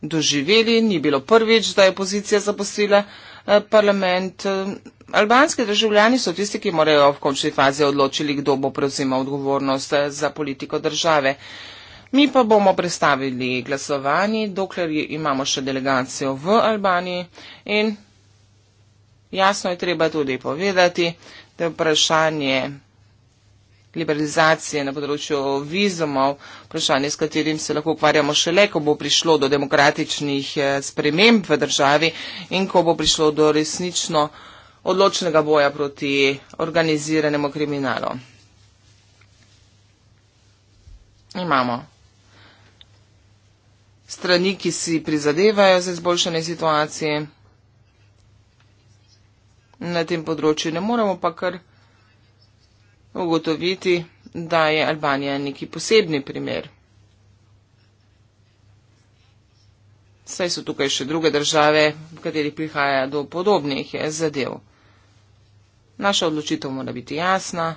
doživeli, ni bilo prvič, da je opozicija zapustila eh, parlament, Albanski državljani so tisti, ki morajo v končni fazi odločili, kdo bo prevzima odgovornost eh, za politiko države. Mi pa bomo predstavili glasovanje, dokler imamo še delegacijo v Albaniji in jasno je treba tudi povedati, da je vprašanje liberalizacije na področju vizumov, vprašanje, s katerim se lahko ukvarjamo šele, ko bo prišlo do demokratičnih eh, sprememb v državi in ko bo prišlo do resnično odločnega boja proti organiziranemu kriminalu. Imamo strani, ki si prizadevajo za izboljšanje situacije na tem področju. Ne moramo pa kar ugotoviti, da je Albanija neki posebni primer. Saj so tukaj še druge države, v kateri prihaja do podobnih zadev. Naša odločitev mora biti jasna.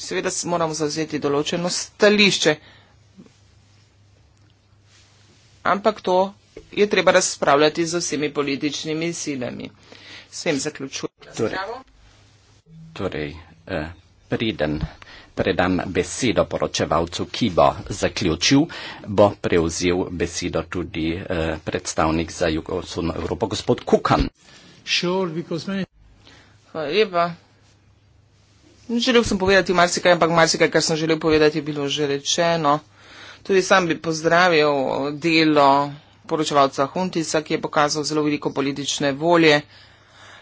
Seveda moramo zavzeti določeno stališče. Ampak to je treba razpravljati z vsemi političnimi silami. S tem zaključujem. Torej, torej eh, priden predam besedo poročevalcu, ki bo zaključil, bo prevzel besedo tudi eh, predstavnik za jugovzhodno Evropo, gospod Kukan. Sure, many... Hvala lepa. Želel sem povedati marsikaj, ampak marsikaj, kar sem želel povedati, je bilo že rečeno. Tudi sam bi pozdravil delo poročevalca Huntisa, ki je pokazal zelo veliko politične volje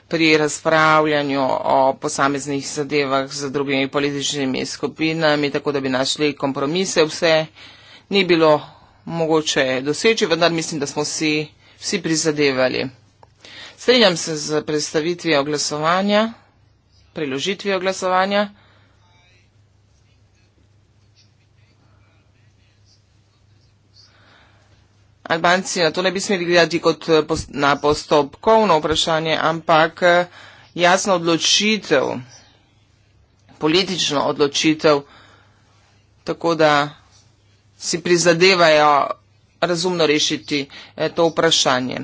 pri razpravljanju o posameznih zadevah z drugimi političnimi skupinami, tako da bi našli kompromise. Vse ni bilo mogoče doseči, vendar mislim, da smo si vsi prizadevali. Strenjam se z predstavitvijo glasovanja, priložitvijo glasovanja. Albanci na to ne bi smeli gledati kot eh, na postopkovno vprašanje, ampak eh, jasno odločitev, politično odločitev, tako da si prizadevajo razumno rešiti eh, to vprašanje.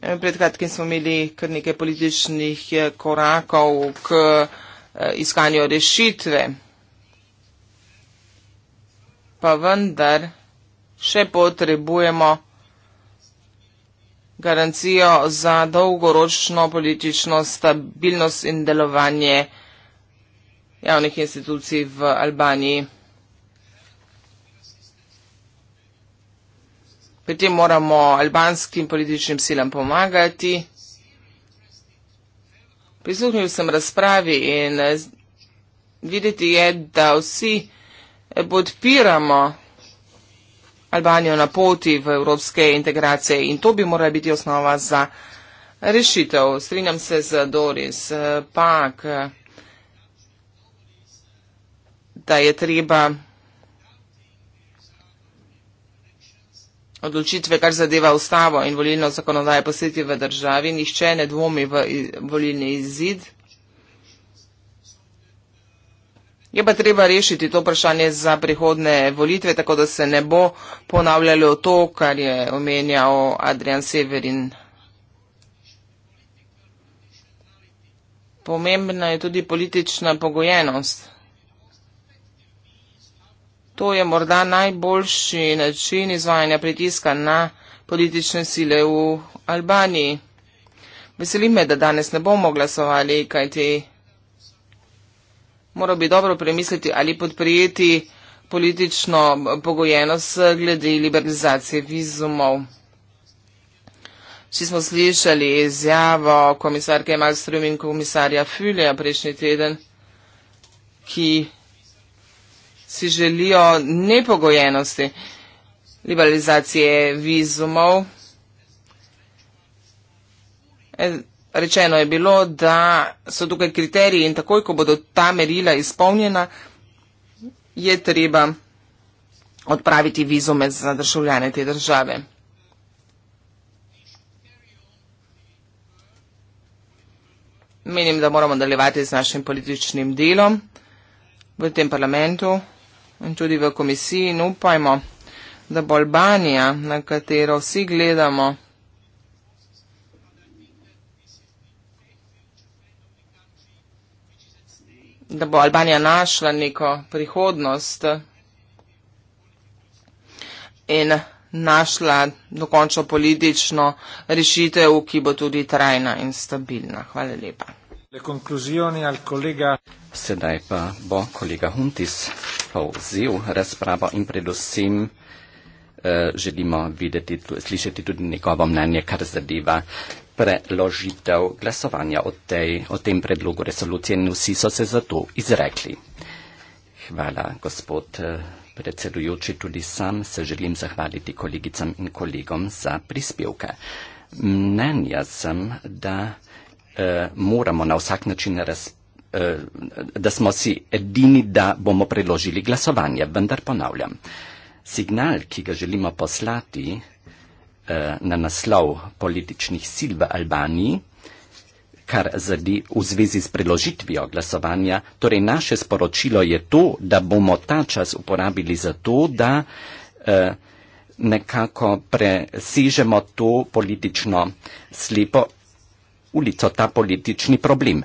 Pred kratkim smo imeli kar nekaj političnih korakov k iskanju rešitve, pa vendar še potrebujemo garancijo za dolgoročno politično stabilnost in delovanje javnih institucij v Albaniji. Pri tem moramo albanskim političnim silam pomagati. Prisluhnil sem razpravi in videti je, da vsi podpiramo Albanijo na poti v evropske integracije in to bi morala biti osnova za rešitev. Strinjam se z Doris, eh, pak, eh, da je treba odločitve, kar zadeva ustavo in volilno zakonodajo posveti v državi. Nihče ne dvomi v volilni izid. Iz je pa treba rešiti to vprašanje za prihodne volitve, tako da se ne bo ponavljalo to, kar je omenjal Adrian Severin. Pomembna je tudi politična pogojenost. To je morda najboljši način izvajanja pritiska na politične sile v Albaniji. Veselim me, da danes ne bomo glasovali, kajti moral bi dobro premisliti ali podprijeti politično pogojenost glede liberalizacije vizumov. Vsi smo slišali izjavo komisarke Malmström in komisarja Füle prejšnji teden, ki si želijo nepogojenosti liberalizacije vizumov. Rečeno je bilo, da so tukaj kriteriji in takoj, ko bodo ta merila izpolnjena, je treba odpraviti vizume za državljane te države. Menim, da moramo nadaljevati z našim političnim delom v tem parlamentu in tudi v komisiji in upajmo, da bo Albanija, na katero vsi gledamo, da bo Albanija našla neko prihodnost in našla dokončno politično rešitev, ki bo tudi trajna in stabilna. Hvala lepa. Sedaj pa bo kolega Huntis povzel razpravo in predvsem eh, želimo videti, slišati tudi njegovo mnenje, kar zadeva preložitev glasovanja o, tej, o tem predlogu resolucije in vsi so se zato izrekli. Hvala, gospod eh, predsedujoči, tudi sam se želim zahvaliti kolegicam in kolegom za prispevke. Mnenja sem, da eh, moramo na vsak način razpravljati eh, da smo si edini, da bomo preložili glasovanje. Vendar ponavljam, signal, ki ga želimo poslati Eh, na naslov političnih sil v Albaniji, kar zadi v zvezi s preložitvijo glasovanja. Torej, naše sporočilo je to, da bomo ta čas uporabili za to, da eh, nekako presežemo to politično slepo ulico, ta politični problem.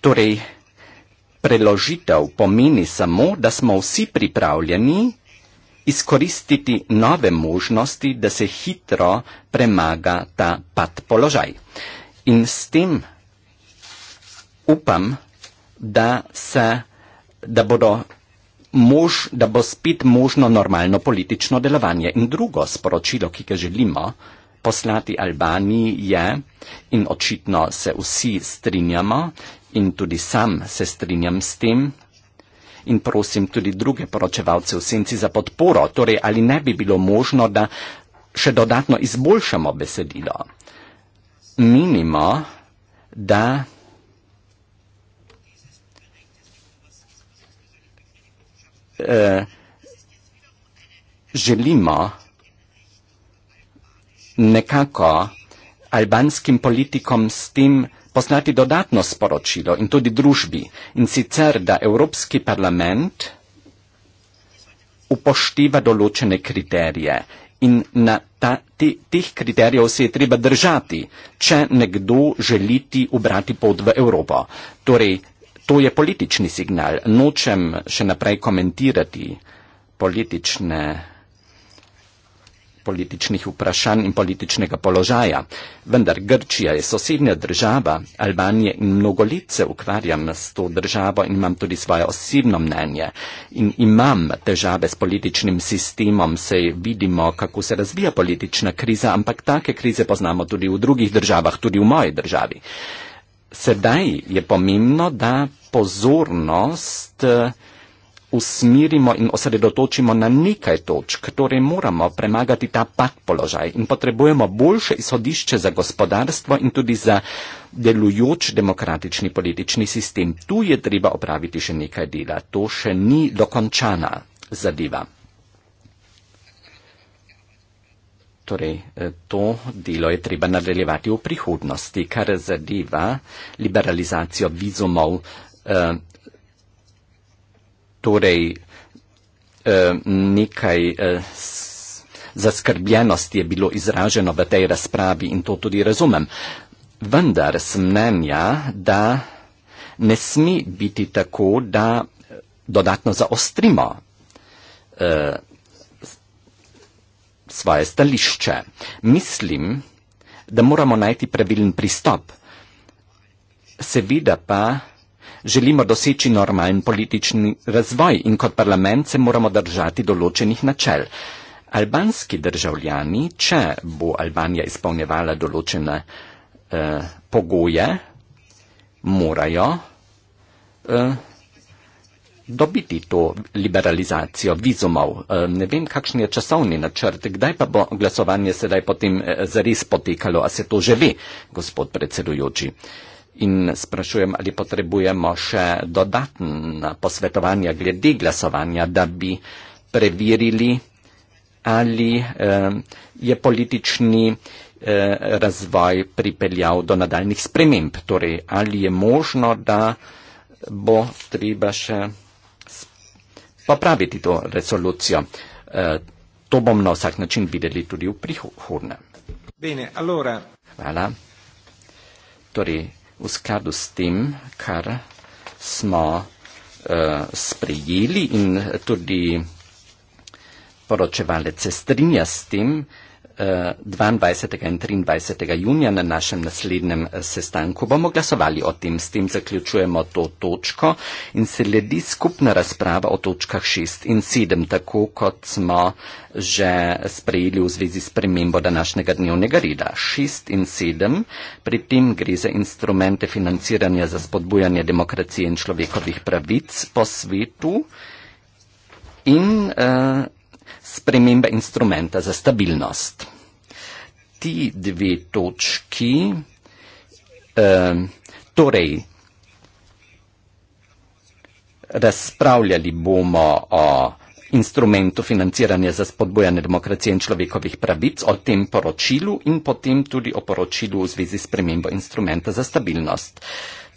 Torej, preložitev pomeni samo, da smo vsi pripravljeni izkoristiti nove možnosti, da se hitro premaga ta pad položaj. In s tem upam, da, se, da, bodo mož, da bo spet možno normalno politično delovanje. In drugo sporočilo, ki ga želimo poslati Albaniji, je, in očitno se vsi strinjamo, in tudi sam se strinjam s tem, in prosim tudi druge poročevalce v senci za podporo, torej ali ne bi bilo možno, da še dodatno izboljšamo besedilo. Minimo, da eh, želimo nekako albanskim politikom s tem, poslati dodatno sporočilo in tudi družbi, in sicer, da Evropski parlament upošteva določene kriterije in na ta, ti, tih kriterijev se je treba držati, če nekdo želi ti ubrati pot v Evropo. Torej, to je politični signal. Nočem še naprej komentirati politične političnih vprašanj in političnega položaja. Vendar Grčija je sosednja država Albanije in mnogo let se ukvarjam s to državo in imam tudi svoje osebno mnenje. In imam težave s političnim sistemom, sej vidimo, kako se razvija politična kriza, ampak take krize poznamo tudi v drugih državah, tudi v moji državi. Sedaj je pomembno, da pozornost uh, usmirimo in osredotočimo na nekaj točk, torej moramo premagati ta pad položaj in potrebujemo boljše izhodišče za gospodarstvo in tudi za delujoč demokratični politični sistem. Tu je treba opraviti še nekaj dela. To še ni dokončana zadeva. Torej, eh, to delo je treba nadaljevati v prihodnosti, kar zadeva liberalizacijo vizumov. Eh, torej uh, nekaj uh, zaskrbljenosti je bilo izraženo v tej razpravi in to tudi razumem. Vendar sem mnenja, da ne sme biti tako, da eh, dodatno zaostrimo uh, svoje stališče. Mislim, da moramo najti pravilen pristop. Seveda pa želimo doseči normalen politični razvoj in kot parlament se moramo držati določenih načel. Albanski državljani, če bo Albanija izpolnjevala določene eh, pogoje, morajo eh, dobiti to liberalizacijo vizumov. Eh, ne vem, kakšen je časovni načrt, kdaj pa bo glasovanje sedaj potem eh, zares potekalo, a se to že ve, gospod predsedujoči. Eh, In sprašujem, ali potrebujemo še dodatna posvetovanja glede glasovanja, da bi preverili, ali eh, je politični eh, razvoj pripeljal do nadaljnih sprememb. Torej, ali je možno, da bo treba še popraviti to resolucijo. Eh, to bomo na vsak način videli tudi v prihodnje. Bene, allora. Hvala. Torej, v skladu s tem, kar smo uh, sprejeli in tudi poročevalec se strinja s tem, 22. in 23. junija na našem naslednjem eh, sestanku bomo glasovali o tem. S tem zaključujemo to točko in se ledi skupna razprava o točkah 6 in 7, tako kot smo že sprejeli v zvezi s premembo današnjega dnevnega reda. 6 in 7, pri tem gre za instrumente financiranja za spodbujanje demokracije in človekovih pravic po svetu in uh, spremembe instrumenta za stabilnost. Ti dve točki, eh, torej, razpravljali bomo o instrumentu financiranja za spodbojanje demokracije in človekovih pravic, o tem poročilu in potem tudi o poročilu v zvezi s premembo instrumenta za stabilnost.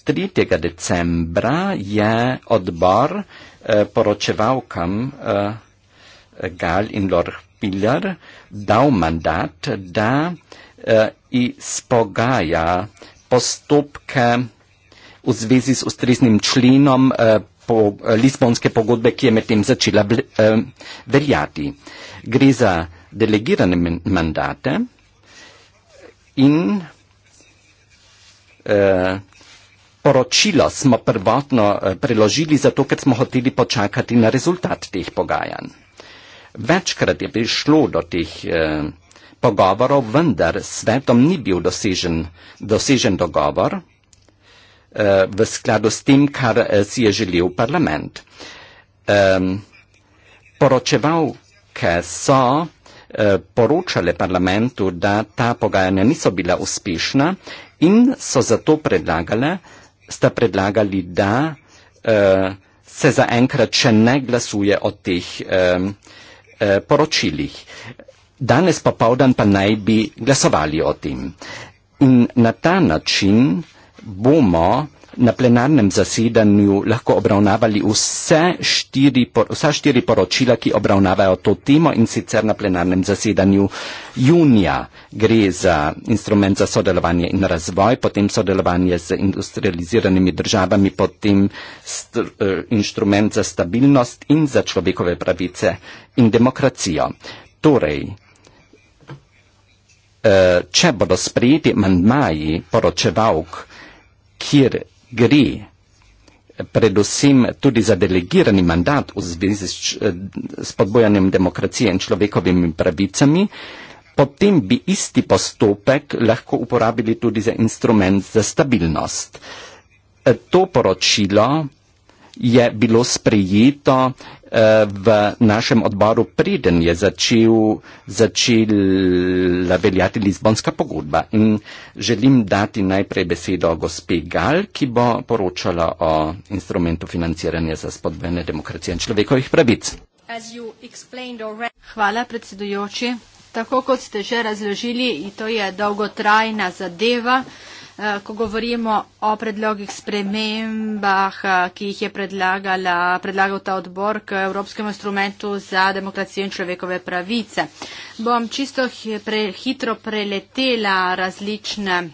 3. decembra je odbor eh, poročevalkam eh, Gal in Lorpiller dal mandat, da uh, izpogaja postopke v zvezi s ustreznim členom uh, po, uh, eh, Lisbonske pogodbe, ki je medtem začela bl, uh, verjati. Gre za delegirane mandate in uh, Poročilo smo prvotno preložili zato, ker smo hoteli počakati na rezultat teh pogajanj. Večkrat je prišlo do teh eh, pogovorov, vendar s svetom ni bil dosežen, dosežen dogovor eh, v skladu s tem, kar eh, si je želel parlament. Eh, poročevalke so eh, poročale parlamentu, da ta pogajanja niso bila uspešna in so zato predlagale, sta predlagali, da eh, se zaenkrat še ne glasuje o teh eh, Eh, poročilih. Danes popovdan pa naj bi glasovali o tem. In na ta način bomo na plenarnem zasedanju lahko obravnavali vse štiri, vsa štiri poročila, ki obravnavajo to temo in sicer na plenarnem zasedanju junija gre za instrument za sodelovanje in razvoj, potem sodelovanje z industrializiranimi državami, potem st, uh, eh, inštrument za stabilnost in za človekove pravice in demokracijo. Torej, uh, če bodo sprejeti mandmaji poročevalk, kjer gre predvsem tudi za delegirani mandat v zvezi s, eh, s podbojanjem demokracije in človekovimi pravicami, potem bi isti postopek lahko uporabili tudi za instrument za stabilnost. Eh, to poročilo je bilo sprejeto eh, v našem odboru, preden je začel, začela veljati Lizbonska pogodba. In želim dati najprej besedo gospe Gal, ki bo poročala o instrumentu financiranja za spodbene demokracije in človekovih pravic. Hvala, predsedujoči. Tako kot ste že razložili, to je dolgotrajna zadeva. Eh, ko govorimo o predlogih spremembah, eh, ki jih je predlagal ta odbor k Evropskemu instrumentu za demokracijo in človekove pravice. Bom čisto pre, hitro preletela različne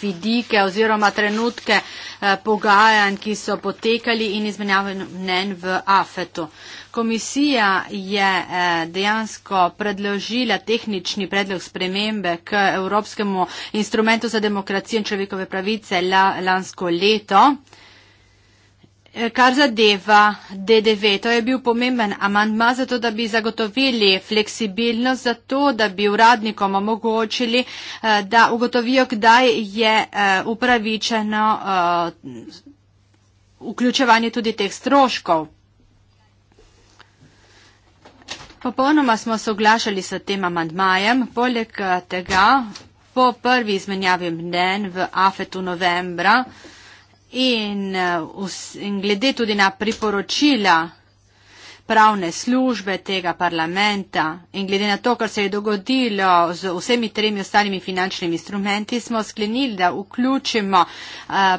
vidike oziroma trenutke eh, pogajanj, ki so potekali in izmenjavanj mnen v AFET-u. Eh, Komisija je eh, dejansko predložila tehnični predlog spremembe k Evropskemu instrumentu za demokracijo in človekove pravice la, lansko leto. Eh, kar zadeva DDV, to je bil pomemben amantma za to, da bi zagotovili fleksibilnost, za to, da bi uradnikom omogočili, eh, da ugotovijo, kdaj je upravičeno vključevanje tudi teh stroškov. Popolnoma smo soglašali s tem amandmajem, poleg eh, tega po prvi izmenjavi mnen v Afetu novembra in, eh, in glede tudi na priporočila pravne službe tega parlamenta in glede na to, kar se je dogodilo z vsemi tremi ostalimi finančnimi instrumenti, smo sklenili, da vključimo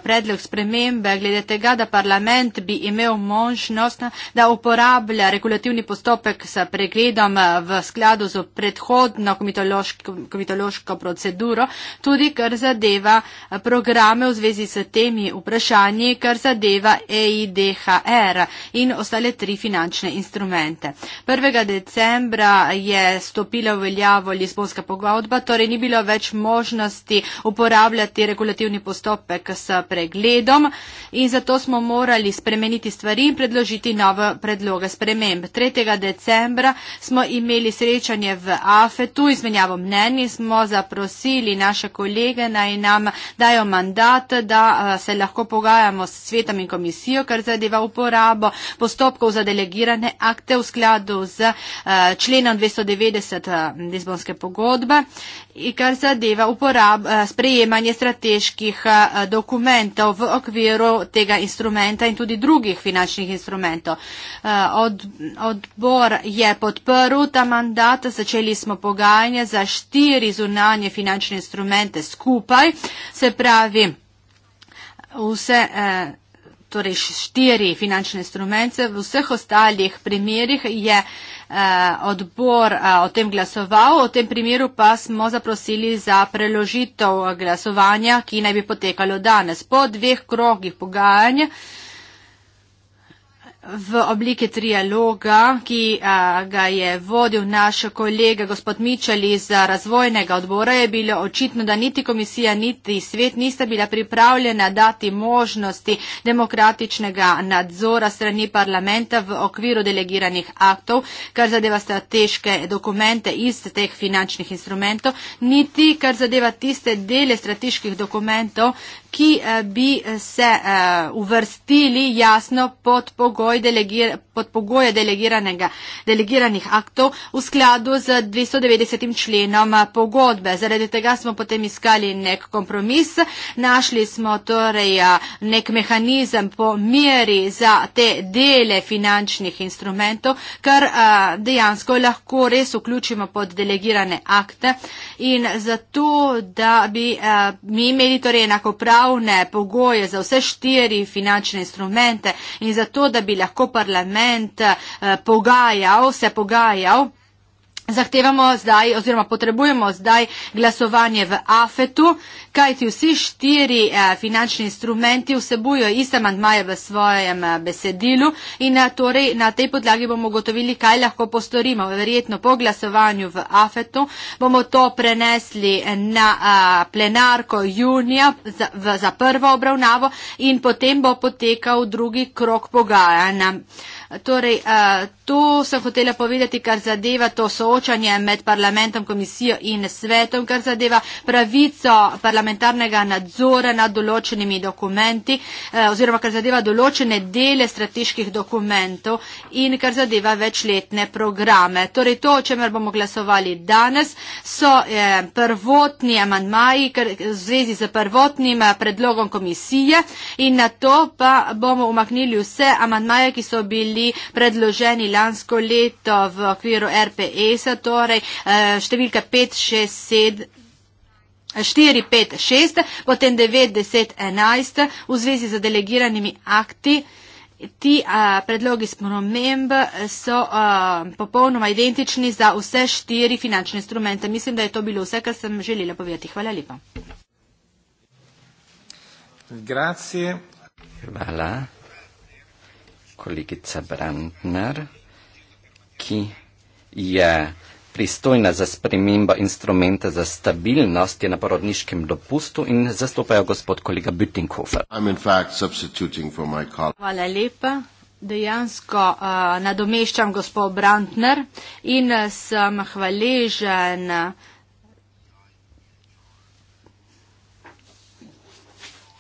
predlog spremembe glede tega, da parlament bi imel možnost, da uporablja regulativni postopek s pregledom v skladu z predhodno komitološko, komitološko proceduro, tudi kar zadeva programe v zvezi s temi vprašanji, kar zadeva EIDHR in ostale tri finančne instrumente instrumente. 1. decembra je stopila v veljavo Lisbonska pogodba, torej ni bilo več možnosti uporabljati regulativni postopek s pregledom in zato smo morali spremeniti stvari in predložiti nove predloge sprememb. 3. decembra smo imeli srečanje v AFET-u, izmenjavo mnenji smo zaprosili naše kolege naj nam dajo mandat, da eh, se lahko pogajamo s svetom in komisijo, kar zadeva uporabo postopkov za delegiranje vladne akte u skladu s eh, členom 290 eh, Lisbonske pogodbe i kar zadeva uporab, eh, sprejemanje strateških dokumentov v okviru tega instrumenta in tudi drugih finančnih instrumentov. Od, odbor je podprl ta mandat, začeli smo pogajanje za štiri zunanje finančne instrumente skupaj, se pravi vse eh, torej štiri finančne instrumente, v vseh ostalih primerjih je eh, odbor eh, o tem glasoval, o tem primeru pa smo zaprosili za preložitev eh, glasovanja, ki naj bi potekalo danes. Po dveh krogih pogajanja v obliki trialoga, ki a, ga je vodil naš kolega gospod Mičali iz razvojnega odbora, je bilo očitno, da niti komisija, niti svet nista bila pripravljena dati možnosti demokratičnega nadzora strani parlamenta v okviru delegiranih aktov, kar zadeva strateške dokumente iz teh finančnih instrumentov, niti kar zadeva tiste dele strateških dokumentov, ki eh, bi eh, se eh, uvrstili jasno pod, pogoj delegir, pod pogoje delegiranih aktov v skladu z 290. členom pogodbe. Zaradi tega smo potem iskali nek kompromis, našli smo torej nek mehanizem po meri za te dele finančnih instrumentov, kar dejansko lahko res vključimo pod delegirane akte in zato, da bi mi imeli torej enako prav, ustavne pogoje za vse štiri finančne instrumente in zato, da bi lahko parlament eh, pogajal, se pogajal. Zahtevamo zdaj oziroma potrebujemo zdaj glasovanje v AFET-u, kajti vsi štiri eh, finančni instrumenti vsebujo iste mandmaje v svojem eh, besedilu in eh, torej na tej podlagi bomo ugotovili, kaj lahko postorimo. Verjetno po glasovanju v AFET-u bomo to prenesli na plenarko junija za prvo obravnavo in potem bo potekal drugi krok pogajanja. Torej, Tu sem hotela povedati, kar zadeva to soočanje med parlamentom, komisijo in svetom, kar zadeva pravico parlamentarnega nadzora nad določenimi dokumenti eh, oziroma kar zadeva določene dele strateških dokumentov in kar zadeva večletne programe. Torej to, o čemer bomo glasovali danes, so eh, prvotni amandmaji v zvezi z prvotnim eh, predlogom komisije in na to pa bomo umaknili vse amandmaje, ki so bili predloženi lansko leto v okviru RPS-a, torej eh, številka 5, 6, 7. 4, 5, 6, potem 9, 10, 11 v zvezi z delegiranimi akti. Ti a, eh, predlogi sprememb so a, eh, popolnoma identični za vse štiri finančne instrumente. Mislim, da je to bilo vse, kar sem želela povedati. Hvala lepa. Grazie. Hvala. Kolegica Brandner ki je pristojna za spremembo instrumenta za stabilnost, je na porodniškem dopustu in zastopajo gospod kolega Bütinghofer. Hvala lepa. Dejansko uh, nadomeščam gospod Brandner in uh, sem hvaležen.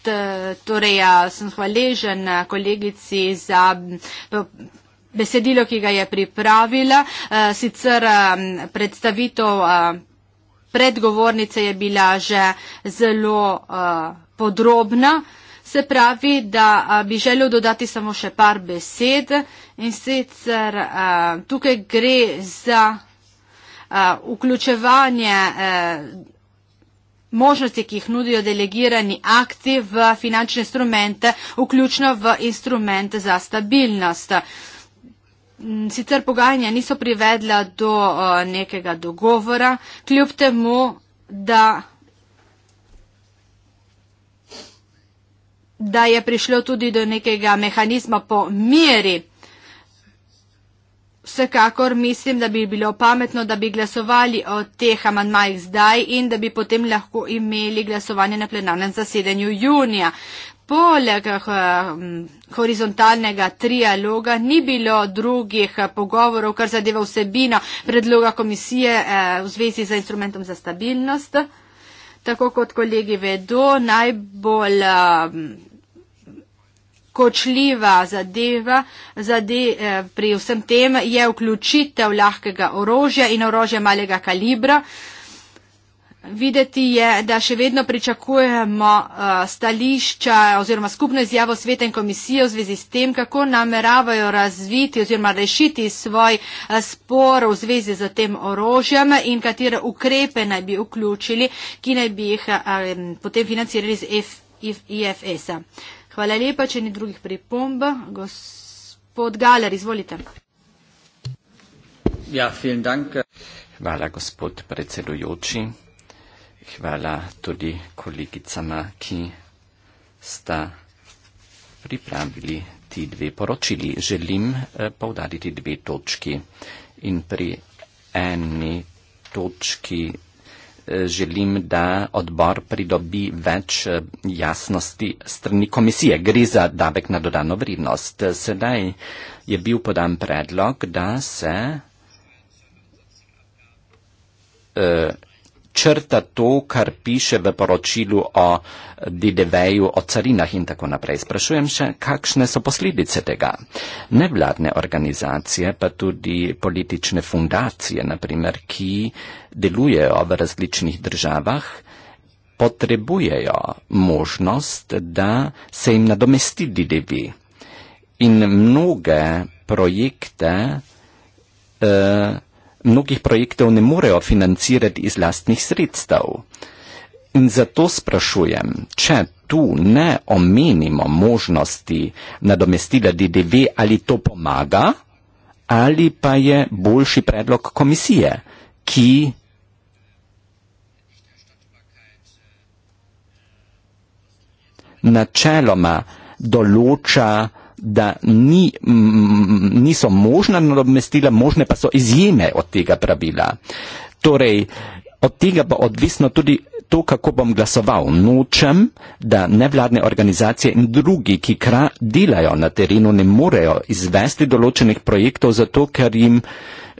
T, torej, ja, sem hvaležen uh, kolegici za. Pa, besedilo, ki ga je pripravila, eh, sicer predstavitev eh, predgovornice je bila že zelo eh, podrobna. Se pravi, da bi želel dodati samo še par besed in sicer tukaj gre za vključevanje možnosti, ki jih nudijo delegirani akti v finančne instrumente, vključno v instrumente za stabilnost. Mm, sicer pogajanja niso privedla do eh, nekega dogovora, kljub temu, da, da je prišlo tudi do nekega mehanizma po meri. Vsekakor mislim, da bi bilo pametno, da bi glasovali o teh amandmajih zdaj in da bi potem lahko imeli glasovanje na plenarnem zasedanju junija polja eh, horizontalnega trialoga, ni bilo drugih eh, pogovorov, kar zadeva vsebino predloga komisije eh, v zvezi z instrumentom za stabilnost. Tako kot kolegi vedo, najbolj kočljiva zadeva zade, pri vsem tem je vključitev lahkega orožja in orožja malega kalibra. Videti je, da še vedno pričakujemo uh, stališča oziroma skupno izjavo sveta in komisije v zvezi s tem, kako nameravajo razviti oziroma rešiti svoj uh, spor v zvezi z tem orožjem in katere ukrepe naj bi vključili, ki naj bi jih uh, um, potem financirali z IFS-a. Hvala lepa, če ni drugih pripomb. Gospod Galer, izvolite. Ja, Hvala, gospod predsedujoči hvala tudi kolegicama, ki sta pripravili ti dve poročili. Želim eh, povdariti dve točki in pri eni točki eh, želim, da odbor pridobi več eh, jasnosti strani komisije. Gre za davek na dodano vrednost. Sedaj je bil podan predlog, da se eh, črta to, kar piše v poročilu o DDV-ju, o carinah in tako naprej. Sprašujem še, kakšne so posledice tega. Nevladne organizacije, pa tudi politične fundacije, naprimer, ki delujejo v različnih državah, potrebujejo možnost, da se jim nadomesti DDV. In mnoge projekte, eh, mnogih projektov ne morejo financirati iz lastnih sredstev. In zato sprašujem, če tu ne omenimo možnosti nadomestila DDV, ali to pomaga, ali pa je boljši predlog komisije, ki načeloma določa da ni, niso možna nadomestila, možne pa so izjeme od tega pravila. Torej, od tega bo odvisno tudi to, kako bom glasoval. Nočem, da nevladne organizacije in drugi, ki delajo na terenu, ne morejo izvesti določenih projektov, zato ker jim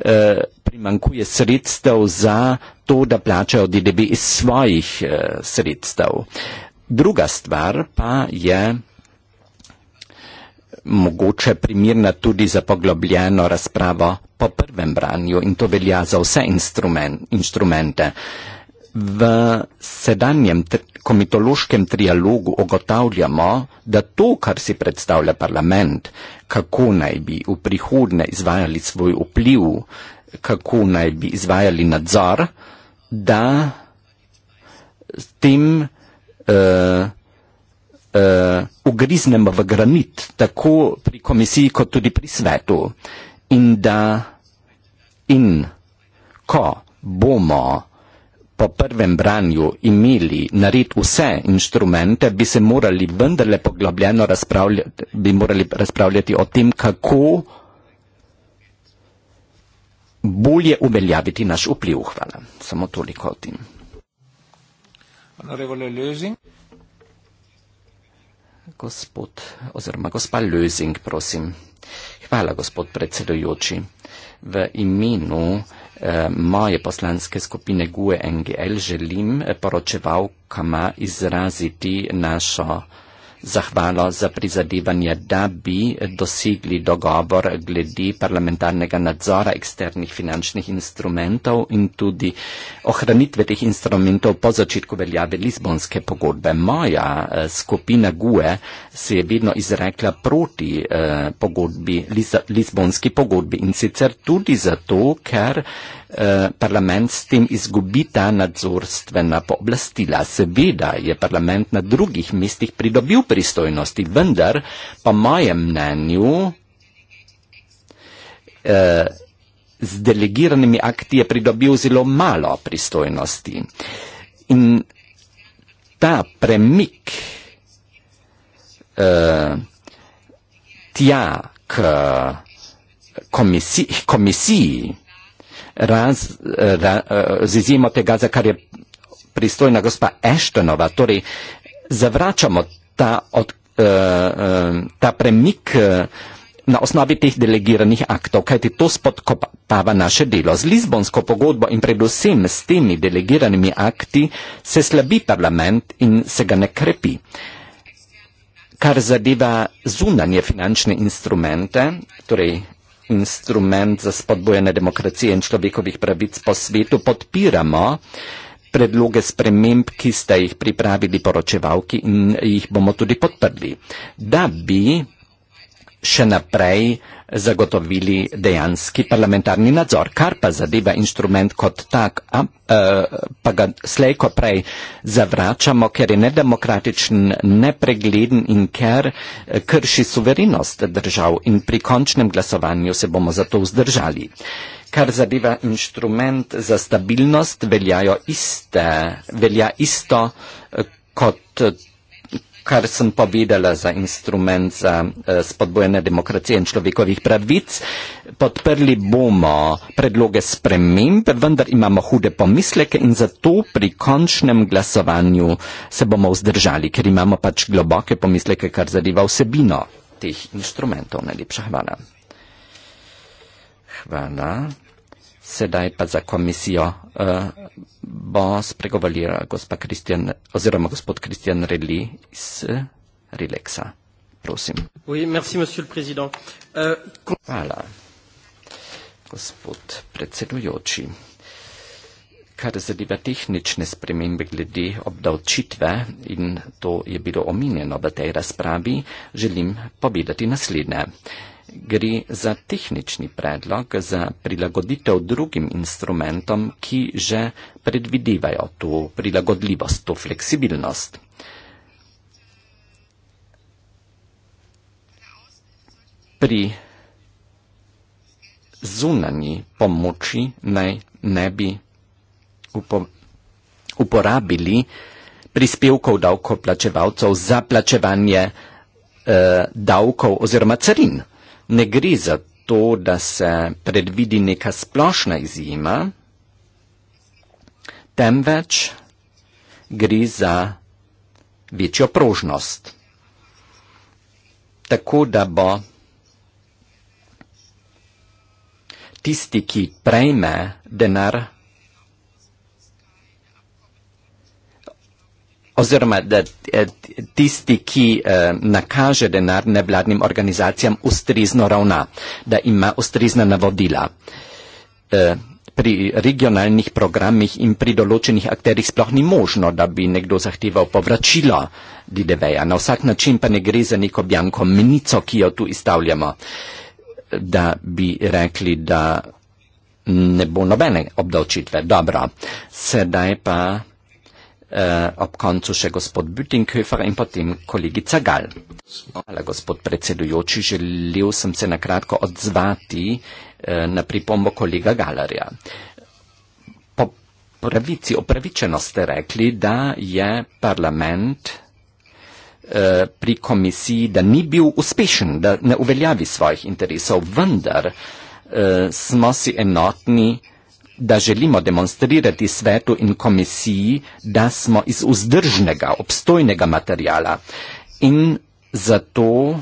eh, primankuje sredstev za to, da plačajo DDB iz svojih eh, sredstev. Druga stvar pa je, mogoče primirna tudi za poglobljeno razpravo po prvem branju in to velja za vse instrument, instrumente. V sedanjem komitološkem trialogu ogotavljamo, da to, kar si predstavlja parlament, kako naj bi v prihodne izvajali svoj vpliv, kako naj bi izvajali nadzor, da s tem uh, uh, ugriznemo v granit, tako pri komisiji, kot tudi pri svetu. In da in ko bomo po prvem branju imeli narediti vse inštrumente, bi se morali vendarle poglobljeno razpravljati, bi morali razpravljati o tem, kako bolje uveljaviti naš vpliv. Hvala. Samo toliko o tem. Honorable Lezing gospod oziroma gospa Lözing, prosim. Hvala, gospod predsedujoči. V imenu eh, moje poslanske skupine GUE NGL želim eh, poročevalkama izraziti našo eh, zahvalo za prizadevanje, da bi dosegli dogovor glede parlamentarnega nadzora eksternih finančnih instrumentov in tudi ohranitve teh instrumentov po začetku veljave Lizbonske pogodbe. Moja eh, skupina GUE se je vedno izrekla proti eh, pogodbi, Liz Lizbonski pogodbi in sicer tudi zato, ker eh, parlament s tem izgubi ta nadzorstvena pooblastila. Seveda je parlament na drugih mestih pridobil pristojnosti, vendar pa mojem mnenju eh, z delegiranimi akti je pridobil zelo malo pristojnosti. In ta premik eh, tja k komisi, komisiji, raz, ra, eh, z izjemo tega, za kar je pristojna gospa Eštonova, torej zavračamo ta, od, uh, uh, ta premik uh, na osnovi teh delegiranih aktov, kajti to spodkopava naše delo. Z Lizbonsko pogodbo in predvsem s temi delegiranimi akti se slabi parlament in se ga ne krepi. Kar zadeva zunanje finančne instrumente, torej instrument za spodbojanje demokracije in človekovih pravic po svetu, podpiramo predloge sprememb, ki ste jih pripravili poročevalki in jih bomo tudi podprli. Da bi še naprej zagotovili dejanski parlamentarni nadzor, kar pa zadeva inštrument kot tak, a, a, e, pa ga slejko prej zavračamo, ker je nedemokratičen, nepregleden in ker e, krši suverenost držav in pri končnem glasovanju se bomo zato vzdržali. Kar zadeva inštrument za stabilnost, veljajo iste, velja isto e, kot kar sem povedala za instrument za eh, spodbojene demokracije in človekovih pravic. Podprli bomo predloge sprememb, vendar imamo hude pomisleke in zato pri končnem glasovanju se bomo vzdržali, ker imamo pač globoke pomisleke, kar zadeva vsebino teh instrumentov. Najlepša hvala. Hvala sedaj pa za komisijo uh, bo spregovorila gospa Kristjan oziroma gospod Kristjan Redli iz uh, Relaxa. Prosim. Oui, merci, uh, Hvala, gospod predsedujoči. Kar zadeva tehnične spremembe glede obdavčitve in to je bilo omenjeno v tej razpravi, želim povedati naslednje. Uh, gre za tehnični predlog za prilagoditev drugim instrumentom, ki že predvidevajo to prilagodljivost, to fleksibilnost. Pri zunanji pomoči naj ne bi uporabili prispevkov davkoplačevalcev za plačevanje eh, davkov oziroma carin ne gre za to, da se predvidi neka splošna izjema, temveč gre za večjo prožnost. Tako da bo tisti, ki prejme denar, oziroma da eh, tisti, ki eh, nakaže denar nevladnim organizacijam, ustrizno ravna, da ima ustrizna navodila. Eh, pri regionalnih programih in pri določenih akterjih sploh ni možno, da bi nekdo zahteval povračilo DDV-ja. Na vsak način pa ne gre za neko bjanko menico, ki jo tu izstavljamo, da bi rekli, da ne bo nobene obdavčitve. Dobro, sedaj pa eh, ob koncu še gospod Bütinghofer in potem kolegica Gal. Hvala, gospod predsedujoči. Želel sem se na kratko odzvati eh, na pripombo kolega Galarja. Po pravici, opravičeno ste rekli, da je parlament eh, pri komisiji, da ni bil uspešen, da ne uveljavi svojih interesov, vendar eh, smo si enotni, da želimo demonstrirati svetu in komisiji, da smo iz vzdržnega, obstojnega materijala in zato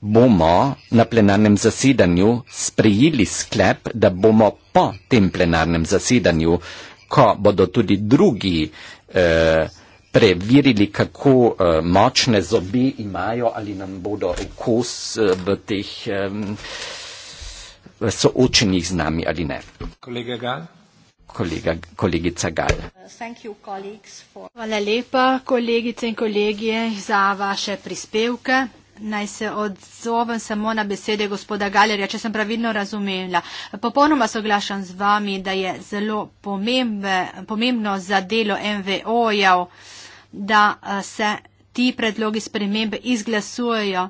bomo na plenarnem zasedanju sprejeli sklep, da bomo po tem plenarnem zasedanju, ko bodo tudi drugi eh, preverili, kako eh, močne zobe imajo ali nam bodo okus eh, v teh. Eh, soočenih z nami ali ne. Kolega Gal. Kolega, kolegica Gal. Hvala lepa, kolegice in kolegije, za vaše prispevke. Naj se odzovem samo na besede gospoda Galerja, če sem pravilno razumela. Popolnoma soglašam z vami, da je zelo pomembe, pomembno za delo MVO-jev, da eh, se ti predlogi spremembe izglasujejo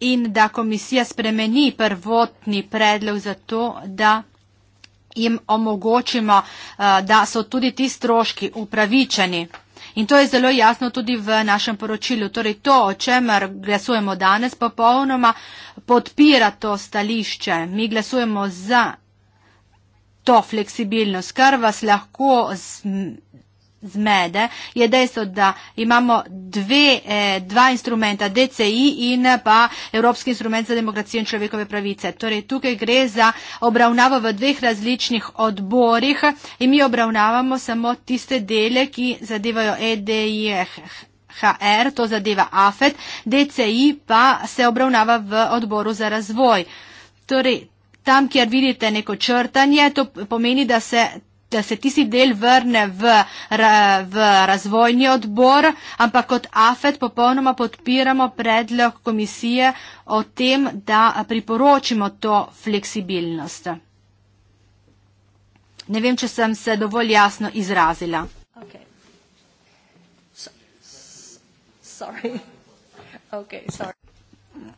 in da komisija spremeni prvotni predlog za to, da jim omogočimo, eh, da so tudi ti stroški upravičeni. In to je zelo jasno tudi v našem poročilu. Torej to, o čemer glasujemo danes, popolnoma podpira to stališče. Mi glasujemo za to fleksibilnost, kar vas lahko zmede, je dejstvo, da imamo dve, eh, dva instrumenta, DCI in pa Evropski instrument za demokracijo in človekove pravice. Torej, tukaj gre za obravnavo v dveh različnih odborih in mi obravnavamo samo tiste dele, ki zadevajo EDIH. HR, to zadeva AFET, DCI pa se obravnava v odboru za razvoj. Torej, tam, kjer vidite neko črtanje, to pomeni, da se da se tisti del vrne v, v razvojni odbor, ampak kot AFED popolnoma podpiramo predlog komisije o tem, da priporočimo to fleksibilnost. Ne vem, če sem se dovolj jasno izrazila. Okay. So, sorry. Okay, sorry.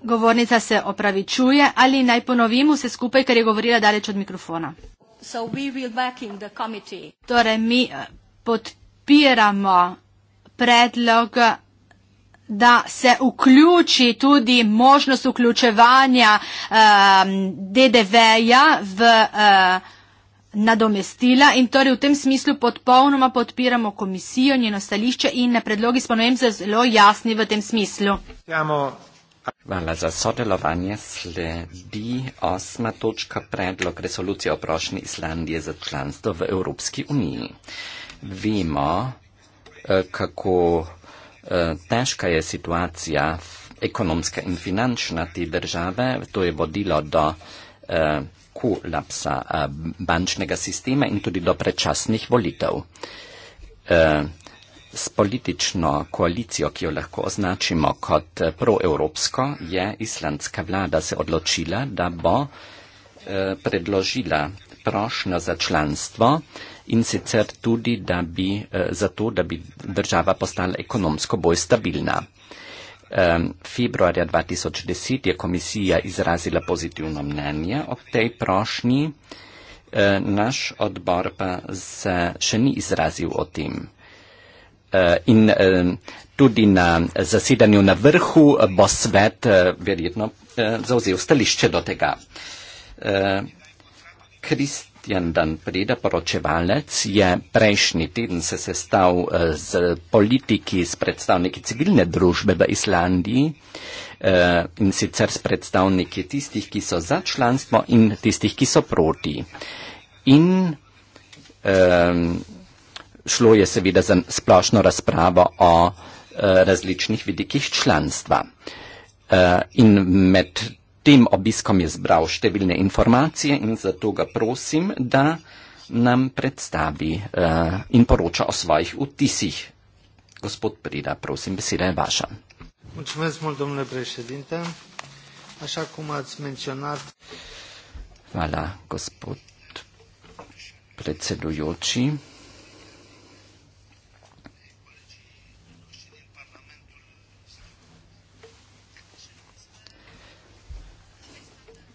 Govornica se opravičuje ali naj ponovim vse skupaj, ker je govorila daleč od mikrofona. Torej, mi eh, podpiramo predlog, eh, da se vključi tudi možnost vključevanja um, ehm, DDV-ja v uh, nadomestila in torej v tem smislu podpolnoma podpiramo komisijo, njeno stališče in predlogi spomenem zelo jasni v tem smislu. Jamo Hvala za sodelovanje. Sledi osma točka predlog resolucije o prošnji Islandije za članstvo v Evropski uniji. Vemo, eh, kako eh, težka je situacija ekonomska in finančna te države. To je vodilo do eh, kolapsa bančnega sistema in tudi do predčasnih volitev s politično koalicijo, ki jo lahko označimo kot eh, proevropsko, je islandska vlada se odločila, da bo eh, predložila prošnjo za članstvo in sicer tudi, da bi eh, zato, da bi država postala ekonomsko bolj stabilna. Ehm, februarja 2010 je komisija izrazila pozitivno mnenje o tej prošnji, naš odbor pa se še ni izrazil o tem. Eh, in eh, tudi na zasedanju na vrhu eh, bo svet verjetno zauzel stališče do tega. Kristjan Dan Preda, poročevalec, je prejšnji teden se sestal z politiki, s predstavniki civilne družbe v Islandiji in sicer s predstavniki tistih, ki so za članstvo in tistih, ki so proti. In um, šlo je seveda za splošno razpravo o eh, različnih vidikih članstva. Eh, in med tem obiskom je zbral številne informacije in zato ga prosim, da nam predstavi eh, in poroča o svojih vtisih. Gospod Prida, prosim, beseda je vaša. Hvala, gospod predsedujoči.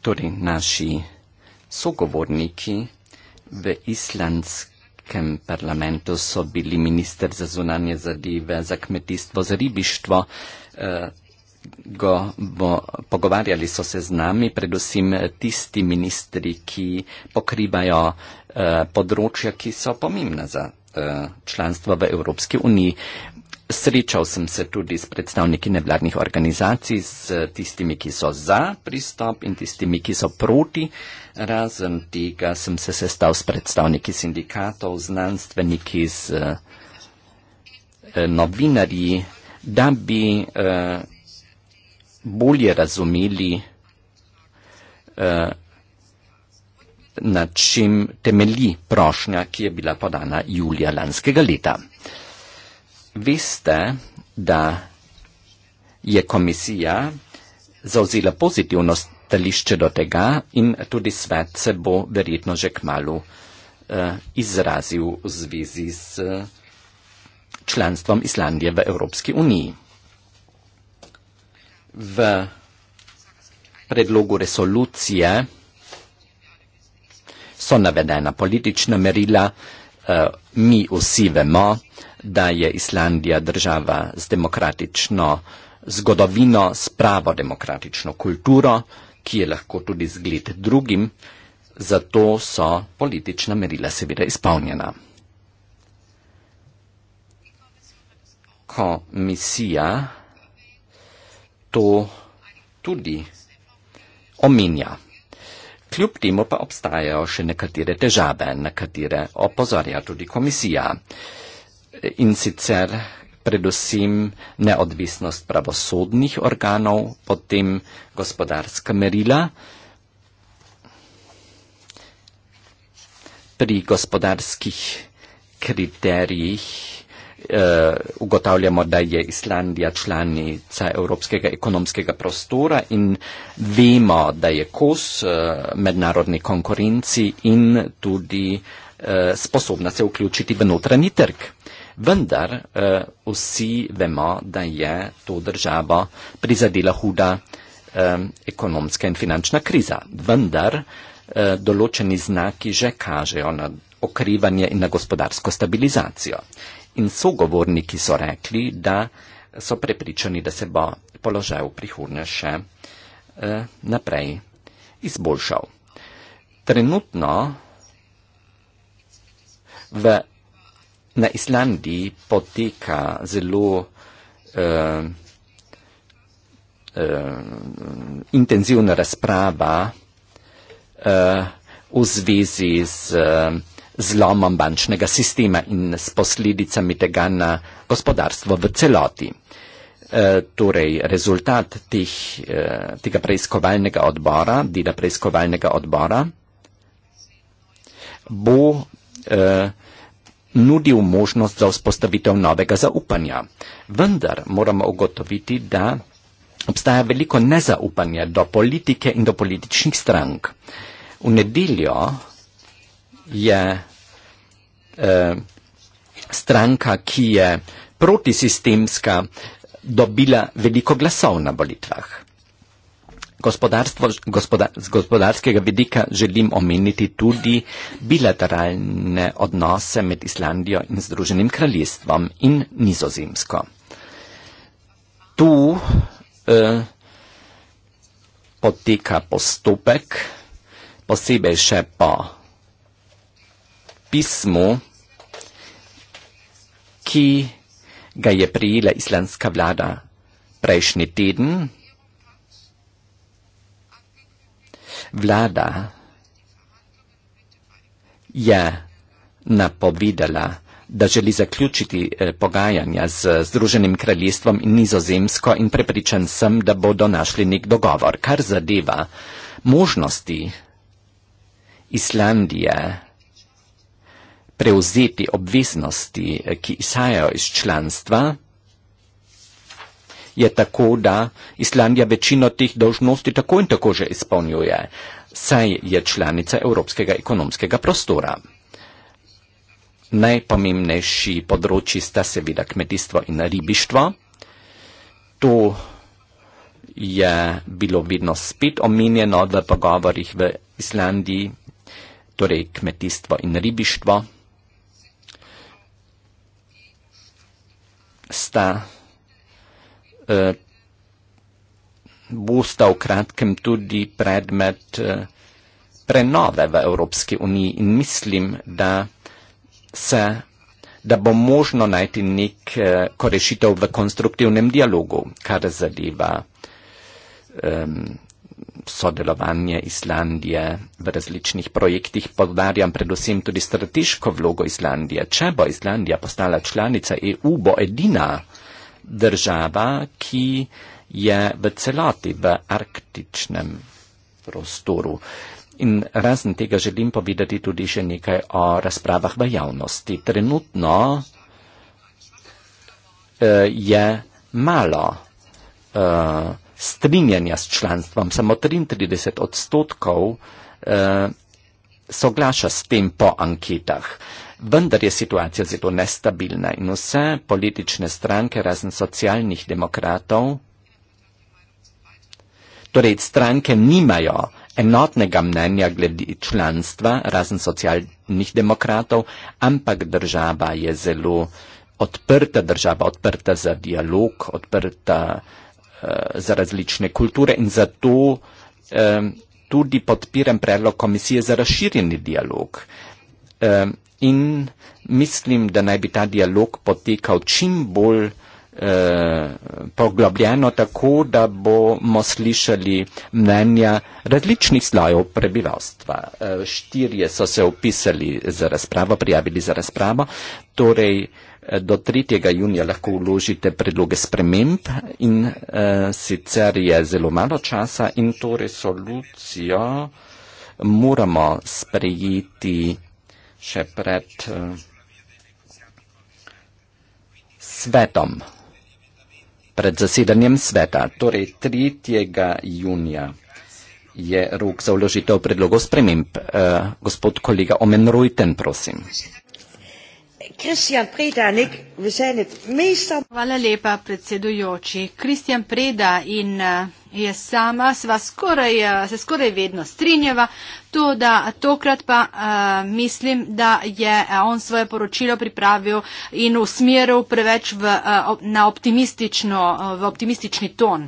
torej naši sogovorniki v islandskem parlamentu so bili minister za zunanje zadeve, za kmetijstvo, za ribištvo. Eh, go, bo, pogovarjali so se z nami, predvsem eh, tisti ministri, ki pokrivajo eh, področja, ki so pomembna za eh, članstvo v Evropski uniji. Srečal sem se tudi s predstavniki nevladnih organizacij, s tistimi, ki so za pristop in tistimi, ki so proti. Razen tega sem se sestal s predstavniki sindikatov, znanstveniki, z eh, novinarji, da bi eh, bolje razumeli, eh, na čem temelji prošnja, ki je bila podana julija lanskega leta vi ste, da je komisija zauzela pozitivno stališče do tega in tudi svet se bo verjetno že kmalo eh, izrazil v zvezi s eh, članstvom Islandije v Evropski uniji. V predlogu resolucije so navedena politična merila, eh, mi vsi vemo, da je Islandija država z demokratično zgodovino, s pravo demokratično kulturo, ki je lahko tudi zgled drugim, zato so politična merila seveda izpolnjena. Komisija to tudi omenja. Kljub temu pa obstajajo še nekatere težave, na katere opozorja tudi komisija. Uh, in sicer predvsem neodvisnost pravosodnih organov, potem gospodarska merila. Pri gospodarskih kriterijih eh, ugotavljamo, da je Islandija članica Evropskega ekonomskega prostora in vemo, da je kos eh, mednarodni konkurenci in tudi eh, sposobna se vključiti v notranji trg vendar uh, vsi vemo, da je to državo prizadela huda um, ekonomska in finančna kriza. Vendar uh, določeni znaki že kažejo na okrivanje in na gospodarsko stabilizacijo. In sogovorniki so rekli, da so prepričani, da se bo položaj v prihodnje še uh, naprej izboljšal. Trenutno v Na Islandiji poteka zelo uh, uh, intenzivna razprava uh, v zvezi z uh, zlomom bančnega sistema in s posledicami tega na gospodarstvo v celoti. Torej, rezultat teh, tega preiskovalnega odbora, dela preiskovalnega odbora, bo nudil možnost za vzpostavitev novega zaupanja. Vendar moramo ugotoviti, da obstaja veliko nezaupanja do politike in do političnih strank. V nedeljo je eh, stranka, ki je protisistemska, dobila veliko glasov na volitvah. Gospodarstvo, gospoda, z gospodarskega vidika želim omeniti tudi bilateralne odnose med Islandijo in Združenim kraljestvom in nizozemsko. Tu eh, poteka postopek, posebej še po pismu, ki ga je prijela islandska vlada prejšnji teden. Vlada je napovedala, da želi zaključiti eh, pogajanja z Združenim kraljestvom in nizozemsko in prepričan sem, da bodo našli nek dogovor, kar zadeva možnosti Islandije prevzeti obveznosti, eh, ki izhajajo iz članstva je tako, da Islandija večino teh dožnosti tako in tako že izpolnjuje, saj je članica Evropskega ekonomskega prostora. Najpomembnejši področji sta seveda kmetijstvo in ribištvo. To je bilo vedno spet omenjeno v pogovorih v Islandiji, torej kmetijstvo in ribištvo sta Eh, bosta v kratkem tudi predmet eh, prenove v Evropski uniji in mislim, da se da bo možno najti nek eh, korešitev v konstruktivnem dialogu, kar zadeva um, sodelovanje Islandije v različnih projektih. Podarjam predvsem tudi strateško vlogo Islandije. Če bo Islandija postala članica EU, bo edina država, ki je v celoti v arktičnem prostoru. In razen tega želim povedati tudi še nekaj o razpravah v javnosti. Trenutno uh, je malo uh, strinjanja s članstvom, samo 33 odstotkov uh, soglaša s tem po anketah. Vendar je situacija zelo nestabilna in vse politične stranke, razen socialnih demokratov, torej stranke nimajo enotnega mnenja glede članstva, razen socialnih demokratov, ampak država je zelo odprta, država odprta za dialog, odprta uh, za različne kulture in zato uh, tudi podpiram predlog komisije za razširjeni dialog. E, in mislim, da naj bi ta dialog potekal čim bolj e, poglobljeno, tako da bomo slišali mnenja različnih slojev prebivalstva. E, štirje so se upisali za razpravo, prijavili za razpravo. Torej, do 3. junija lahko vložite predloge sprememb in uh, sicer je zelo malo časa in to resolucijo moramo sprejeti še pred uh, svetom, pred zasedanjem sveta, torej 3. junija je rok za vložitev predlogov sprememb. Uh, gospod kolega Omen Rojten, prosim. Kristjan Preda, nek, mesto... Hvala lepa, predsedujoči. Kristjan Preda in eh, jaz sama sva skoraj, eh, se skoraj vedno strinjava, to da tokrat pa uh, mislim, da je on svoje poročilo pripravil in usmeril preveč v, uh, na optimistično, uh, v optimistični ton.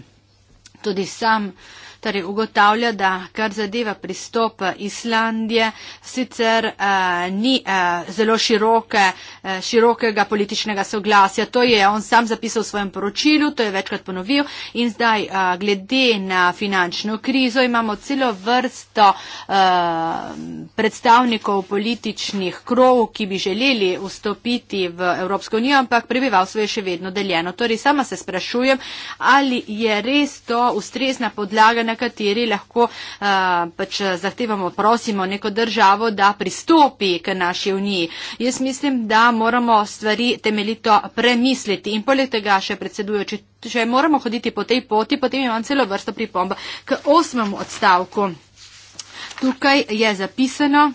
Tudi sam. Uh, torej ugotavlja, da kar zadeva pristop eh, Islandije, sicer eh, ni eh, zelo široke, eh, širokega političnega soglasja. To je on sam zapisal v svojem poročilu, to je večkrat ponovil in zdaj eh, glede na finančno krizo imamo celo vrsto eh, predstavnikov političnih krov, ki bi želeli vstopiti v Evropsko unijo, ampak prebivalstvo je še vedno deljeno. Torej, sama se sprašujem, ali je res to ustrezna podlaga, na kateri lahko a, pač zahtevamo, prosimo neko državo, da pristopi k naši uniji. Jaz mislim, da moramo stvari temeljito premisliti in poleg tega še predsedujoči, če moramo hoditi po tej poti, potem imam celo vrsto pripomba k osmemu odstavku. Tukaj je zapisano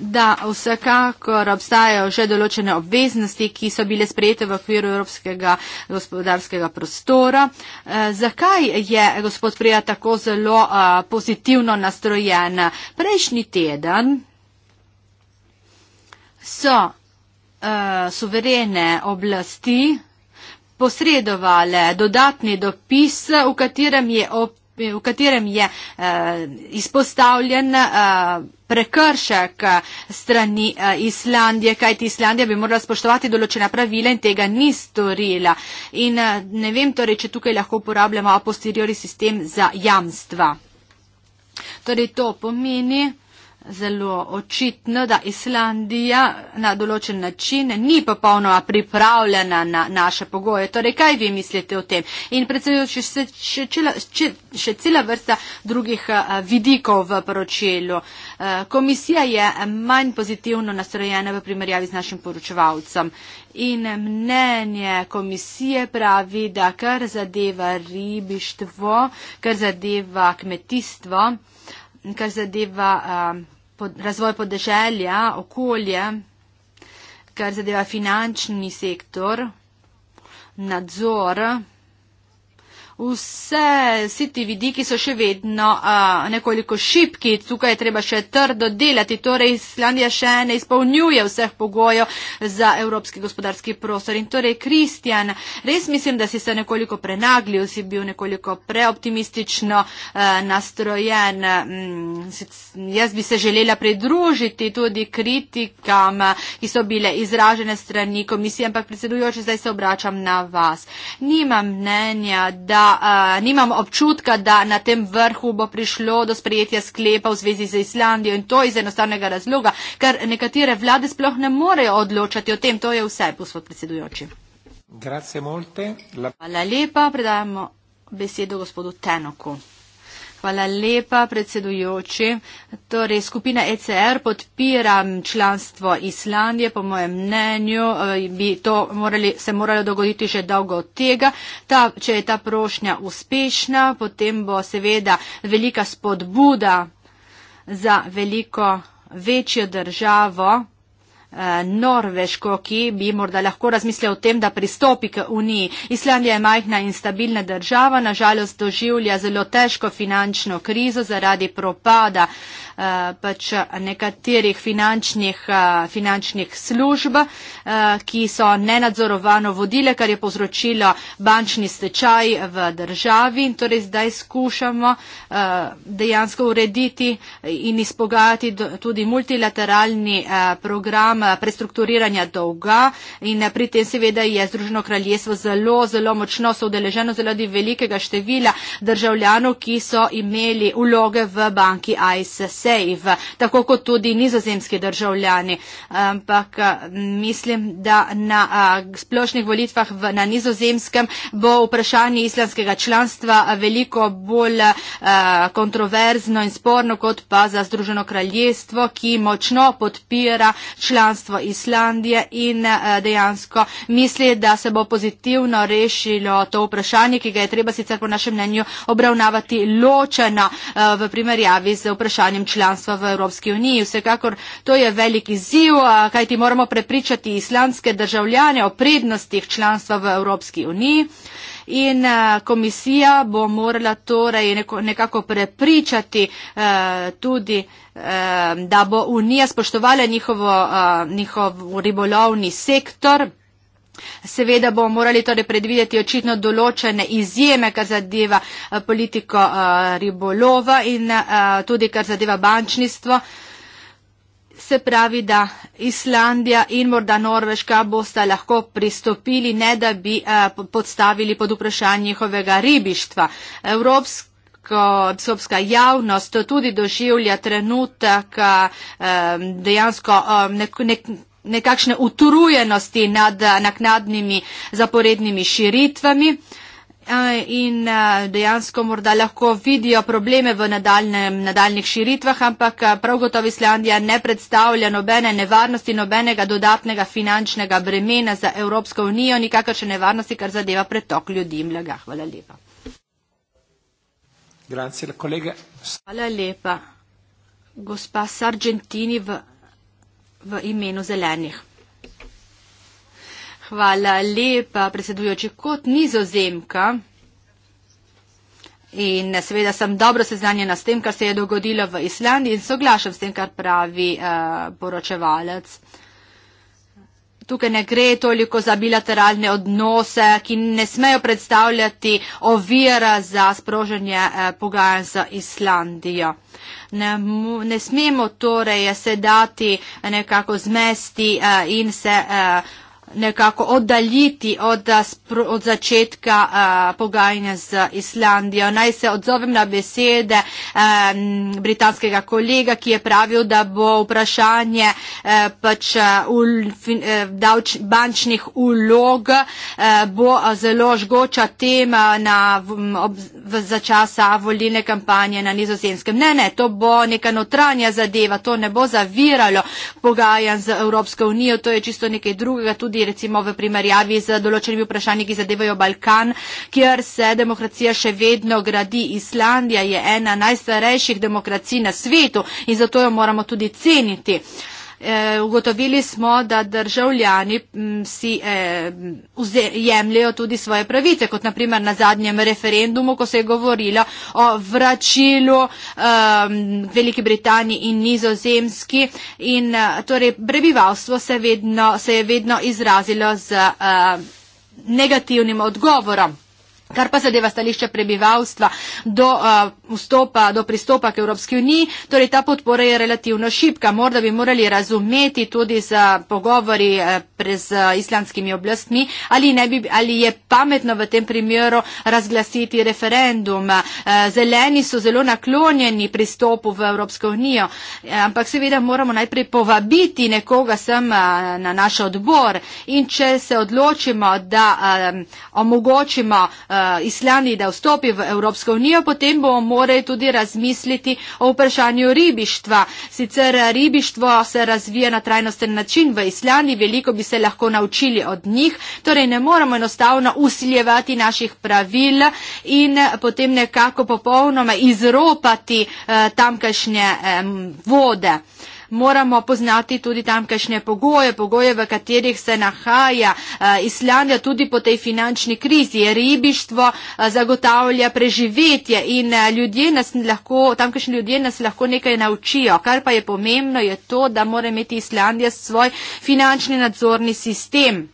da vsekakor obstajajo že določene obveznosti, ki so bile sprejete v okviru Evropskega gospodarskega prostora. Eh, zakaj je gospod Freja tako zelo eh, pozitivno nastrojen? Prejšnji teden so eh, suverene oblasti posredovale dodatni dopis, v katerem je opisal, v katerem je eh, izpostavljen eh, prekršek eh, strani eh, Islandije, kajti Islandija bi morala spoštovati določena pravila in tega ni storila. In eh, ne vem torej, če tukaj lahko uporabljamo a posteriori sistem za jamstva. Torej, to pomeni zelo očitno, da Islandija na določen način ni popolnoma pripravljena na naše pogoje. Torej, kaj vi mislite o tem? In predsedujoči še, še, še, še cela vrsta drugih a, eh, vidikov v poročilu. A, eh, komisija je manj pozitivno nastrojena v primerjavi z našim poročevalcem. In mnenje komisije pravi, da kar zadeva ribištvo, kar zadeva kmetijstvo, kar zadeva eh, razvoj podeželja, okolje, kar zadeva finančni sektor, nadzor vse, vsi ti vidiki so še vedno uh, nekoliko šipki, tukaj je treba še trdo delati, torej Islandija še ne izpolnjuje vseh pogojev za evropski gospodarski prostor. In torej, Kristjan, res mislim, da si se nekoliko prenaglil, si bil nekoliko preoptimistično uh, nastrojen. Mm, jaz bi se želela pridružiti tudi kritikam, ki so bile izražene strani komisije, ampak predsedujoče, zdaj se obračam na vas. Nimam mnenja, da uh, nimam občutka, da na tem vrhu bo prišlo do sprejetja sklepa v zvezi z Islandijo in to iz enostavnega razloga, ker nekatere vlade sploh ne morejo odločati o tem. To je vse, gospod predsedujoči. Hvala lepa. Predajamo besedo gospodu Tenoku. Hvala lepa, predsedujoči. Torej, skupina ECR podpira članstvo Islandije, po mojem mnenju, eh, bi to morali, se moralo dogoditi že dolgo od tega. Ta, če je ta prošnja uspešna, potem bo seveda velika spodbuda za veliko večjo državo Eh, norveško, ki bi morda lahko razmislila o tem, da pristopi k Uniji. Islandija je majhna in stabilna država, nažalost doživlja zelo težko finančno krizo zaradi propada eh, pač nekaterih finančnih, eh, finančnih služb, ki so nenadzorovano vodile, kar je povzročilo bančni stečaj v državi. Torej zdaj skušamo dejansko urediti in izpogajati tudi multilateralni program program eh, prestrukturiranja dolga in eh, pri tem seveda je Združeno kraljestvo zelo, zelo močno sodeleženo zaradi velikega števila državljanov, ki so imeli vloge v banki ICE Save, tako kot tudi nizozemski državljani. Ampak eh, mislim, da na splošnih volitvah na nizozemskem bo vprašanje islamskega članstva veliko bolj kontroverzno in sporno kot pa za Združeno kraljestvo, ki močno podpira članstvo poslanstvo Islandije in eh, dejansko misli, da se bo pozitivno rešilo to vprašanje, ki ga je treba sicer po našem mnenju obravnavati ločeno eh, v primerjavi z vprašanjem članstva v Evropski uniji. Vsekakor to je velik izziv, eh, kajti moramo prepričati islandske državljane o prednostih članstva v Evropski uniji in eh, komisija bo morala torej nekako prepričati eh, tudi, eh, da bo Unija spoštovala njihovo, njihov ribolovni sektor. Seveda bomo morali torej predvideti očitno določene izjeme, kar zadeva politiko ribolova in tudi kar zadeva bančnistvo se pravi, da Islandija in morda Norveška bosta lahko pristopili, ne da bi eh, podstavili pod vprašanje njihovega ribištva. Evropsk Srpska javnost tudi doživlja trenutek eh, dejansko eh, nek, nek, nekakšne utrujenosti nad naknadnimi zaporednimi širitvami in dejansko morda lahko vidijo probleme v nadaljnem, nadaljnih širitvah, ampak prav gotovo Islandija ne predstavlja nobene nevarnosti, nobenega dodatnega finančnega bremena za Evropsko unijo, nikakršne nevarnosti, kar zadeva pretok ljudi in blaga. Hvala lepa. Grazie, kolega. Hvala lepa. Gospa Sargentini v, v imenu zelenih. Hvala lepa, predsedujoči kot nizozemka. In seveda sem dobro seznanjena s tem, kar se je dogodilo v Islandiji in soglašam s tem, kar pravi uh, poročevalec. Tukaj ne gre toliko za bilateralne odnose, ki ne smejo predstavljati ovira za sproženje eh, pogajanj z Islandijo. Ne, ne smemo torej se dati nekako zmesti eh, in se. Eh, nekako oddaljiti od, od začetka uh, pogajanja z Islandijo. Naj se odzovem na besede um, britanskega kolega, ki je pravil, da bo vprašanje uh, pač uh, davč, bančnih ulog uh, bo zelo žgoča tema na, ob, v, za časa volilne kampanje na nizozemskem. Ne, ne, to bo neka notranja zadeva, to ne bo zaviralo pogajanj z Evropsko unijo, to je čisto nekaj drugega. Tudi recimo v primerjavi z določenimi vprašanji, ki zadevajo Balkan, kjer se demokracija še vedno gradi. Islandija je ena najstarejših demokracij na svetu in zato jo moramo tudi ceniti. Eh, ugotovili smo, da državljani mm, si eh, jemljajo tudi svoje pravice, kot naprimer na zadnjem referendumu, ko se je govorilo o vračilu ehm, Veliki Britaniji in nizozemski in eh, torej prebivalstvo se, vedno, se je vedno izrazilo z negativnim odgovorom. Kar pa zadeva stališče prebivalstva do, uh, vstopa, do pristopa k Evropski uniji, torej ta podpora je relativno šipka. Morda bi morali razumeti tudi z pogovori uh, z uh, islandskimi oblastmi, ali, bi, ali je pametno v tem primeru razglasiti referendum. Uh, zeleni so zelo naklonjeni pristopu v Evropsko unijo, ampak seveda moramo najprej povabiti nekoga sem uh, na naš odbor in če se odločimo, da um, omogočimo uh, Eh, Islandiji, da vstopi v Evropsko unijo, potem bomo morali tudi razmisliti o vprašanju ribištva. Sicer eh, ribištvo se razvija na trajnosten način v Islandiji, veliko bi se lahko naučili od njih, torej ne moramo enostavno usiljevati naših pravil in eh, potem nekako popolnoma izropati tamkajšnje vode moramo poznati tudi tamkajšnje pogoje, pogoje, v katerih se nahaja eh, Islandija tudi po tej finančni krizi. Ribištvo eh, zagotavlja preživetje in eh, ljudje nas lahko, tamkajšnji ljudje nas lahko nekaj naučijo. Kar pa je pomembno, je to, da mora imeti Islandija svoj finančni nadzorni sistem.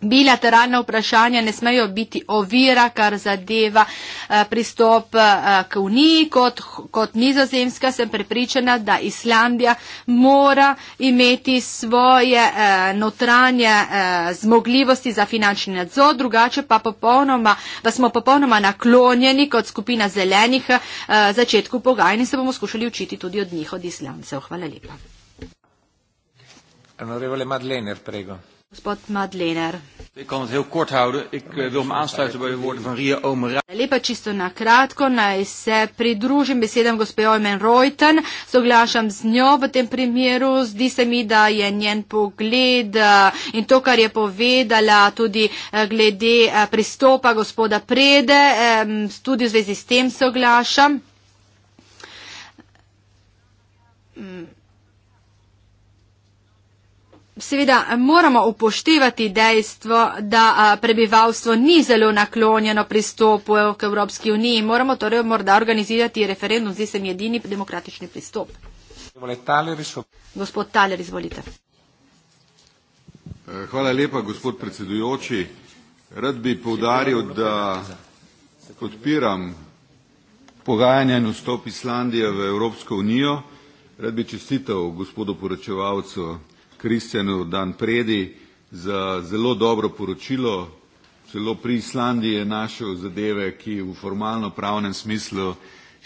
Bilateralna vprašanja ne smejo biti ovira, kar zadeva eh, pristop eh, k Uniji. Kot, kot nizozemska sem prepričana, da Islandija mora imeti svoje eh, notranje zmogljivosti za finančni nadzor, drugače pa, popolnoma, pa smo popolnoma naklonjeni kot skupina zelenih začetku pogajanj in se bomo skušali učiti tudi od njih, od Islandcev. Hvala lepa. Gospod Madlener. Ik kan het heel kort houden. Ik uh, wil me aansluiten bij de woorden van Ria Omera. Lepa čisto na kratko, naj se pridružim besedam gospe Omen Reuten. Soglašam z njo v tem primeru. Zdi se mi, da je njen pogled eh, in to, kar je povedala tudi eh, glede pristopa gospoda Prede, tudi v zvezi s tem soglašam. Mm, Seveda moramo upoštevati dejstvo, da prebivalstvo ni zelo naklonjeno pristopu k Evropski uniji. Moramo torej morda organizirati referendum, zdi se mi edini demokratični pristop. Gospod Taler, izvolite. Eh, hvala lepa, gospod predsedujoči. Rad bi povdaril, da podpiram pogajanja in vstop Islandije v Evropsko unijo. Rad bi čestitev gospodu poročevalcu Kristjanu dan predi za zelo dobro poročilo. Celo pri Islandiji je našel zadeve, ki v formalno pravnem smislu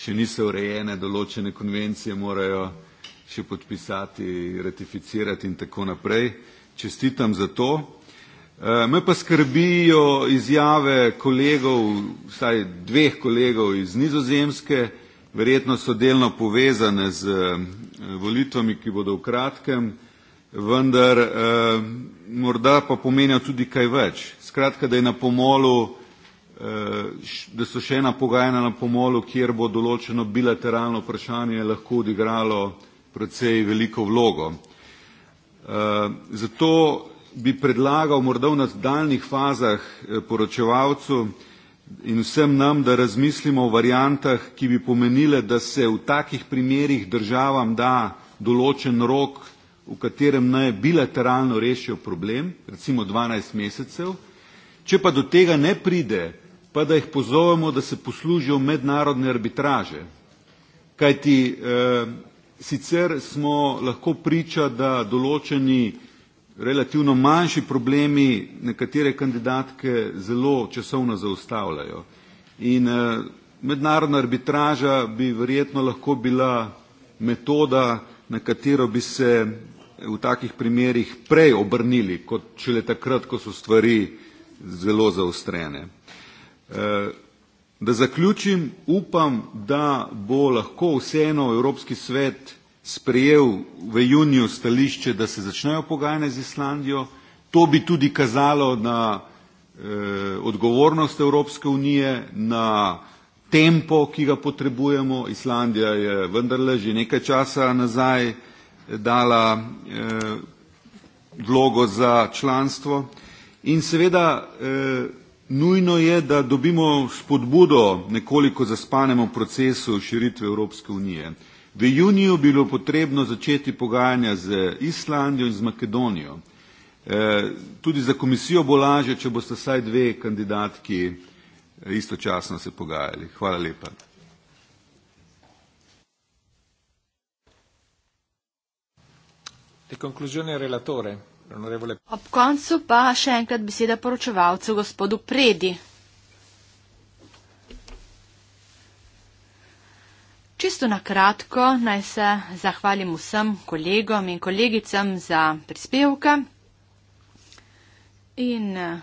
še niso urejene, določene konvencije morajo še podpisati, ratificirati in tako naprej. Čestitam za to. Eh, me pa skrbijo izjave kolegov, vsaj dveh kolegov iz Nizozemske, verjetno so delno povezane z eh, volitvami, ki bodo v kratkem vendar eh, morda pa pomenijo tudi kaj več. Skratka, da je na pomolu, eh, da so še ena pogajanja na pomolu, kjer bo določeno bilateralno vprašanje lahko odigralo precej veliko vlogo. Eh, zato bi predlagal morda v nadaljnih fazah eh, poročevalcu in vsem nam, da razmislimo o variantah, ki bi pomenile, da se v takih primerjih državam da določen rok v katerem naj bilateralno rešijo problem, recimo 12 mesecev, če pa do tega ne pride, pa da jih pozovemo, da se poslužijo mednarodne arbitraže. Kajti eh, sicer smo lahko priča, da določeni relativno manjši problemi nekatere kandidatke zelo časovno zaustavljajo. In eh, mednarodna arbitraža bi verjetno lahko bila metoda, na katero bi se v takih primerjih prej obrnili, kot šele takrat, ko so stvari zelo zaostrene. Eh, da zaključim, upam, da bo lahko vseeno Evropski svet sprejel v juniju stališče, da se začnejo pogajanja z Islandijo. To bi tudi kazalo na eh, odgovornost Evropske unije, na tempo, ki ga potrebujemo. Islandija je vendarle že nekaj časa nazaj dala eh, vlogo za članstvo. In seveda eh, nujno je, da dobimo spodbudo nekoliko zaspanemu procesu širitve Evropske unije. V juniju bi bilo potrebno začeti pogajanja z Islandijo in z Makedonijo. Eh, tudi za komisijo bo lažje, če boste vsaj dve kandidatki istočasno se pogajali. Hvala lepa. Le conclusioni del relatore, l'onorevole. Ob koncu pa še enkrat beseda poročevalcu gospodu Predi. Čisto na kratko naj se zahvalim vsem kolegom in kolegicam za prispevke. In eh,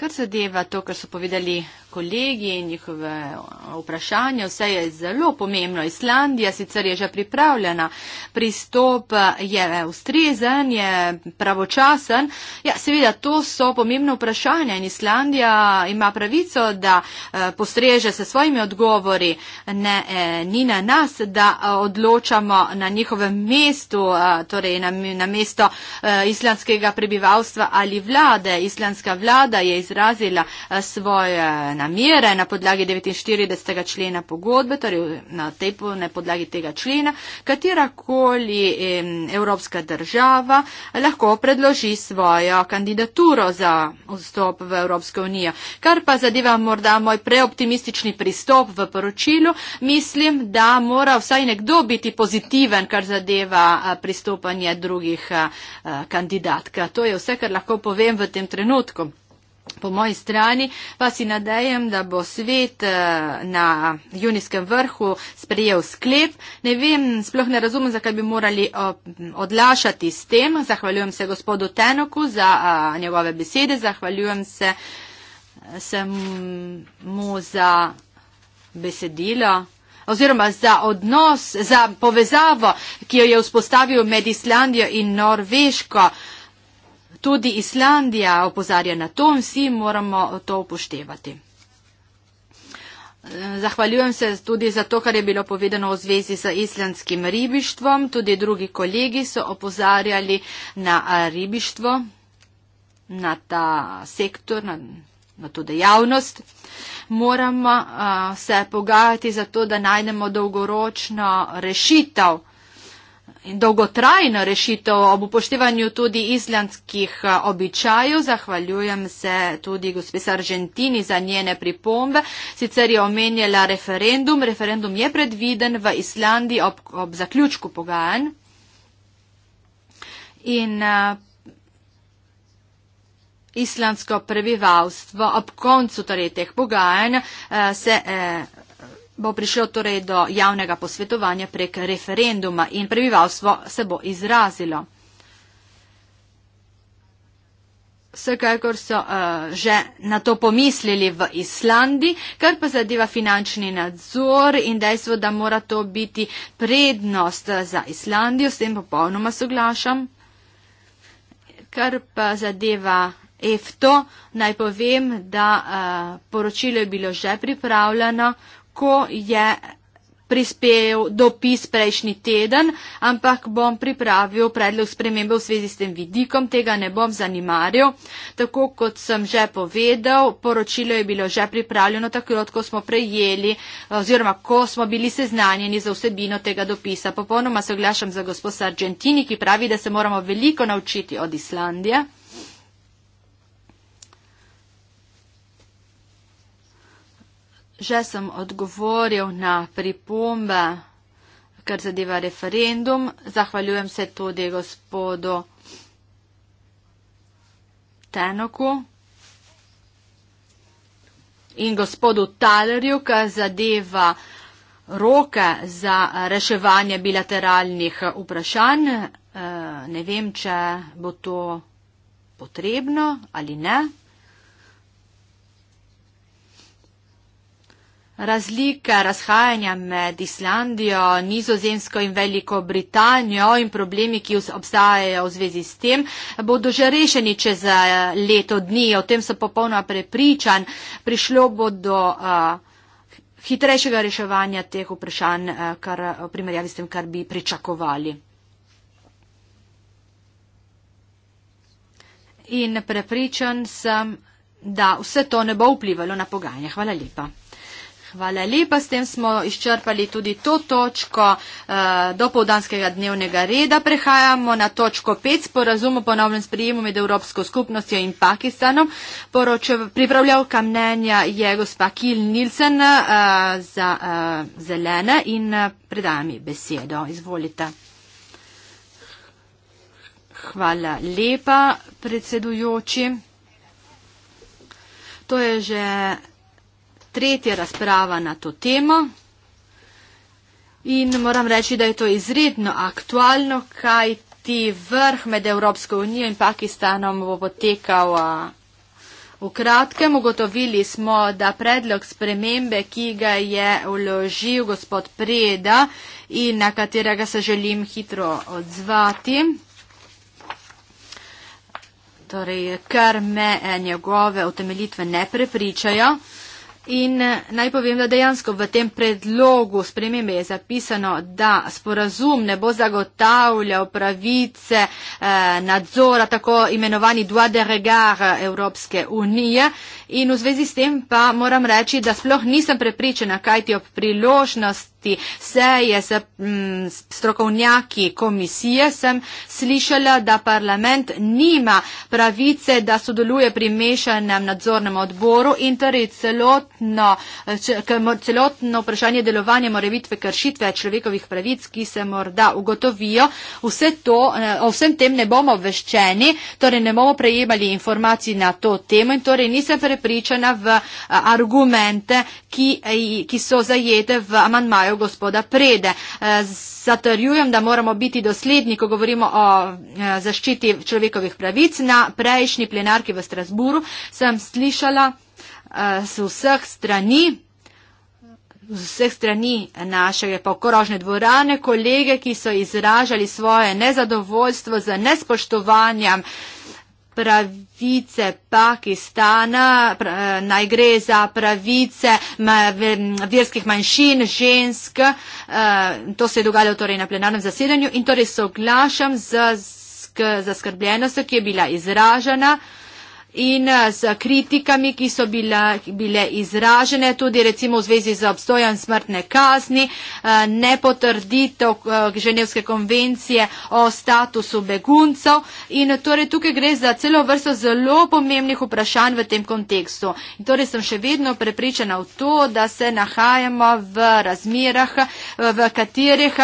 kar zadeva to, kar so povedali kolegi in njihove vprašanja. Vse je zelo pomembno. Islandija sicer je že pripravljena, pristop je ustrezen, je pravočasen. Ja, seveda, to so pomembne vprašanja in Islandija ima pravico, da eh, postreže se svojimi odgovori. Ne, eh, ni na nas, da eh, odločamo na njihovem mestu, torej na, na mesto islandskega prebivalstva ali vlade. Islandska vlada je izrazila svoje namere na podlagi 49. člena pogodbe, torej na, tej, na podlagi tega člena, katerakoli evropska država lahko predloži svojo kandidaturo za vstop v Evropsko unijo. Kar pa zadeva morda moj preoptimistični pristop v poročilu, mislim, da mora vsaj nekdo biti pozitiven, kar zadeva pristopanje drugih kandidatka. To je vse, kar lahko povem v tem trenutku po moji strani, pa si nadejem, da bo svet eh, na junijskem vrhu sprejel sklep. Ne vem, sploh ne razumem, zakaj bi morali eh, odlašati s tem. Zahvaljujem se gospodu Tenoku za eh, njegove besede, zahvaljujem se sem mu za besedilo oziroma za odnos, za povezavo, ki jo je vzpostavil med Islandijo in Norveško. Tudi Islandija opozarja na to in vsi moramo to upoštevati. Zahvaljujem se tudi za to, kar je bilo povedano v zvezi z islandskim ribištvom. Tudi drugi kolegi so opozarjali na ribištvo, na ta sektor, na, na to dejavnost. Moramo uh, se pogajati za to, da najdemo dolgoročno rešitev in dolgotrajna rešitev ob upoštevanju tudi islandskih eh, običajev. Zahvaljujem se tudi gospe Sargentini za njene pripombe. Sicer je omenjala referendum. Referendum je predviden v Islandiji ob, ob zaključku pogajanj. In uh, islandsko prebivalstvo ob koncu torej, teh pogajanj uh, se. Uh, bo prišlo torej do javnega posvetovanja prek referenduma in prebivalstvo se bo izrazilo. Vsekakor so uh, že na to pomislili v Islandiji, kar pa zadeva finančni nadzor in dejstvo, da mora to biti prednost eh, za Islandijo, s tem popolnoma soglašam. Kar pa zadeva EFTO, naj povem, da uh, poročilo je bilo že pripravljeno, lahko je prispel dopis prejšnji teden, ampak bom pripravil predlog spremembe v svezi s tem vidikom, tega ne bom zanimaril. Tako kot sem že povedal, poročilo je bilo že pripravljeno takrat, ko smo prejeli oziroma ko smo bili seznanjeni za vsebino tega dopisa. Popolnoma soglašam za gospod Sargentini, ki pravi, da se moramo veliko naučiti od Islandije. Že sem odgovoril na pripombe, kar zadeva referendum. Zahvaljujem se tudi gospodu Tenoku in gospodu Talerju, kar zadeva roke za reševanje bilateralnih vprašanj. Eh, ne vem, če bo to potrebno ali ne. Razlike, razhajanja med Islandijo, Nizozemsko in Veliko Britanijo in problemi, ki obstajajo v zvezi s tem, bodo že rešeni čez eh, leto dni. O tem so popolnoma prepričan. Prišlo bo do uh, hitrejšega reševanja teh vprašanj, uh, kar uh, primerjavi s tem, kar bi pričakovali. In prepričan sem, da vse to ne bo vplivalo na pogajanja. Hvala lepa. Hvala lepa, s tem smo izčrpali tudi to točko eh, dopoldanskega dnevnega reda. Prehajamo na točko 5, sporazum o ponovnem sprijemu med Evropsko skupnostjo in Pakistanom. Poročev, pripravljavka mnenja je gospa Kil Nilsen eh, za eh, zelene in eh, predajam ji besedo. Izvolite. Hvala lepa, predsedujoči. To je že tretja razprava na to temo. In moram reči, da je to izredno aktualno, kaj ti vrh med Evropsko unijo in Pakistanom bo potekal. V kratkem ugotovili smo, da predlog spremembe, ki ga je vložil gospod Preda in na katerega se želim hitro odzvati, torej, ker me njegove utemelitve ne prepričajo, In eh, naj povem, da dejansko v tem predlogu spremembe je zapisano, da sporazum ne bo zagotavljal pravice eh, nadzora tako imenovani dva de regar eh, Evropske unije. In v zvezi s tem pa moram reči, da sploh nisem prepričana, kaj ti ob priložnosti se je mm, s strokovnjaki komisije sem slišala, da parlament nima pravice, da sodeluje pri mešanem nadzornem odboru in torej celotno celotno, celotno vprašanje delovanja morebitve kršitve človekovih pravic, ki se morda ugotovijo. Vse to, eh, o vsem tem ne bomo obveščeni, torej ne bomo prejemali informacij na to temo in torej nisem prepričana v eh, argumente, ki, eh, ki so zajete v amanmaju gospoda Prede. Zatrjujem, da moramo biti dosledni, ko govorimo o zaščiti človekovih pravic. Na prejšnji plenarki v Strasburu sem slišala uh, z vseh strani, z vseh strani našega pokrožne dvorane, kolege, ki so izražali svoje nezadovoljstvo z nespoštovanjem pravice Pakistana, pra, naj gre za pravice ma, verskih manjšin, žensk, uh, to se je dogajalo torej na plenarnem zasedanju in torej soglašam z, z, z skrbljenostjo, ki je bila izražena. Uh, in z eh, kritikami, ki so bile, bile izražene, tudi recimo v zvezi z obstojan smrtne kazni, eh, nepotrditev eh, Ženevske konvencije o statusu beguncev. In torej tukaj gre za celo vrsto zelo pomembnih vprašanj v tem kontekstu. In torej sem še vedno prepričana v to, da se nahajamo v razmerah, v katerih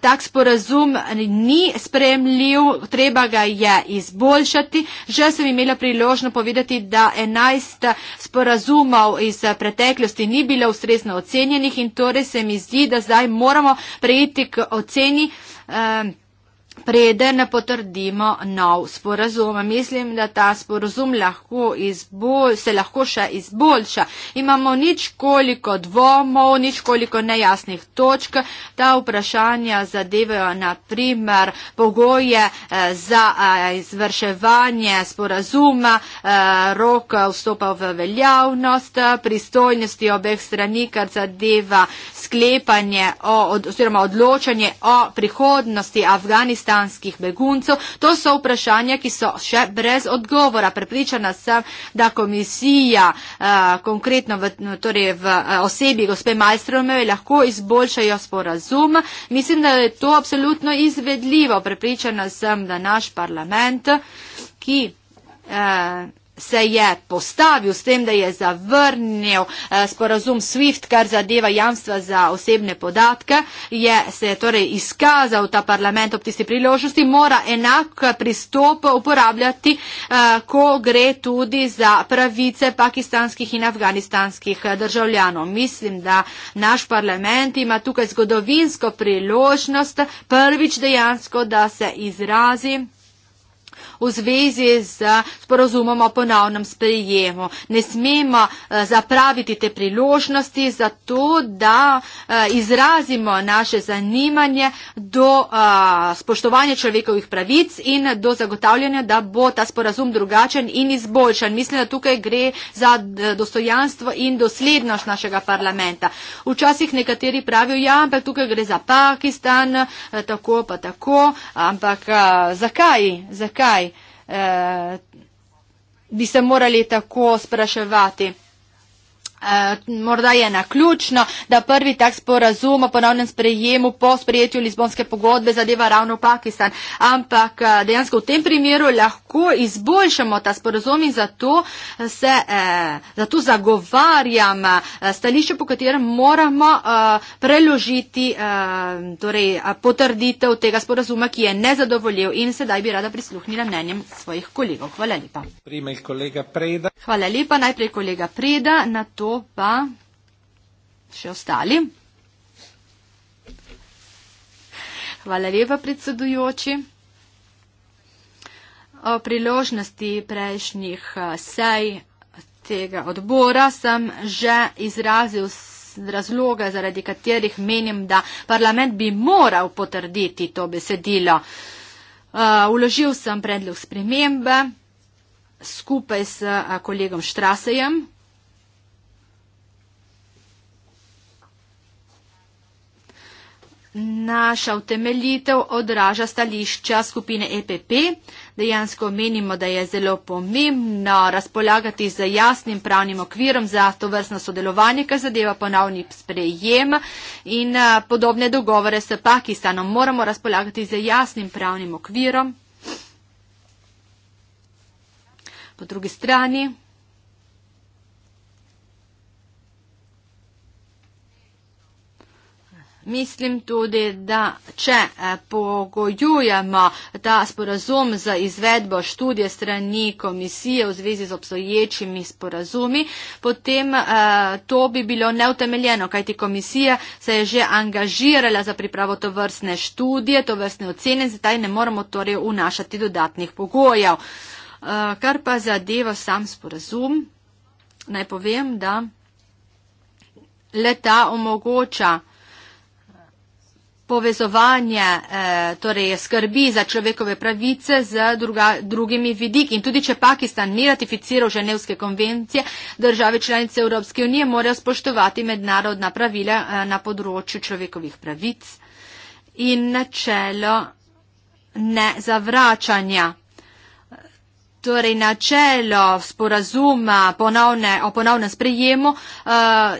tak sporazum ni spremljiv, treba ga je izboljšati. Že sem imela priložnost važno povedati, da 11 sporazumov iz eh, preteklosti ni bilo ustrezno ocenjenih in torej se mi zdi, da zdaj moramo prejeti k oceni. Eh, Preden ne potrdimo nov sporazum, mislim, da ta sporazum lahko izbol, se lahko še izboljša. Imamo nič koliko dvomov, nič koliko nejasnih točk. Ta vprašanja zadevajo na primer pogoje eh, za eh, izvrševanje sporazuma, eh, rok vstopa v veljavnost, pristojnosti obeh strani, kar zadeva sklepanje o, oziroma odločanje o prihodnosti Afganistana afganskih beguncov. To so vprašanja, ki so še brez odgovora. Prepričana sem, da komisija eh, konkretno v, no, torej v eh, osebi gospe Majstrome lahko izboljšajo sporazum. Mislim, da je to absolutno izvedljivo. Prepričana sem, da naš parlament, ki. Uh, se je postavil s tem, da je zavrnil eh, sporazum SWIFT, kar zadeva jamstva za osebne podatke, je se je torej izkazal ta parlament ob tisti priložnosti, mora enak pristop uporabljati, eh, ko gre tudi za pravice pakistanskih in afganistanskih eh, državljanov. Mislim, da naš parlament ima tukaj zgodovinsko priložnost prvič dejansko, da se izrazi v zvezi z sporozumom o ponovnem sprejemu. Ne smemo eh, zapraviti te priložnosti za to, da eh, izrazimo naše zanimanje do eh, spoštovanja človekovih pravic in do zagotavljanja, da bo ta sporazum drugačen in izboljšan. Mislim, da tukaj gre za dostojanstvo in doslednost našega parlamenta. Včasih nekateri pravijo, ja, ampak tukaj gre za Pakistan, tako pa tako, ampak zakaj? Zakaj? eh, bi se morali tako spraševati. Eh, morda je naključno, da prvi tak sporazum o ponovnem sprejemu po sprejetju Lizbonske pogodbe zadeva ravno Pakistan. Ampak eh, dejansko v tem primeru lahko izboljšamo ta sporazum in zato, eh, se, zato zagovarjam stališče, po katerem moramo preložiti torej, potrditev tega sporazuma, ki je nezadovoljiv in sedaj bi rada prisluhnila mnenjem svojih kolegov. Hvala lepa. Hvala lepa, najprej kolega Preda, na to pa še ostali. Hvala lepa, predsedujoči. O priložnosti prejšnjih eh, sej tega odbora sem že izrazil razloga, zaradi katerih menim, da parlament bi moral potrditi to besedilo. Uložil eh, sem predlog spremembe skupaj s eh, kolegom Štrasejem, Naša utemeljitev odraža stališča skupine EPP. Dejansko menimo, da je zelo pomembno razpolagati z jasnim pravnim okvirom za to vrstno sodelovanje, kar zadeva ponovni sprejem in eh, podobne dogovore s Pakistanom. Moramo razpolagati z jasnim pravnim okvirom. Po drugi strani. Mislim tudi, da če eh, pogojujemo ta sporazum za izvedbo študije strani komisije v zvezi z obstoječimi sporazumi, potem eh, to bi bilo neutemeljeno, kajti komisija se je že angažirala za pripravo to vrstne študije, to vrstne ocene, zdaj ne moramo torej unašati dodatnih pogojev. Eh, kar pa zadeva sam sporazum, naj povem, da leta omogoča, povezovanje eh, torej skrbi za človekove pravice z druga, drugimi vidiki. In tudi če Pakistan ni ratificiral ženevske konvencije, države članice Evropske unije morajo spoštovati mednarodna pravila eh, na področju človekovih pravic in načelo nezavračanja torej načelo sporazuma ponovne, o ponovnem sprejemu uh,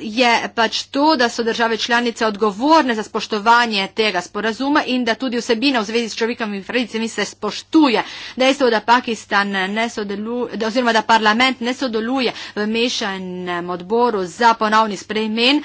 je pač to, da so države članice odgovorne za spoštovanje tega sporazuma in da tudi vsebina v zvezi s človekovimi pravicami se spoštuje. Dejstvo, da Pakistan ne sodeluje, da, oziroma da parlament ne sodeluje v mešanem odboru za ponovni sprejmen,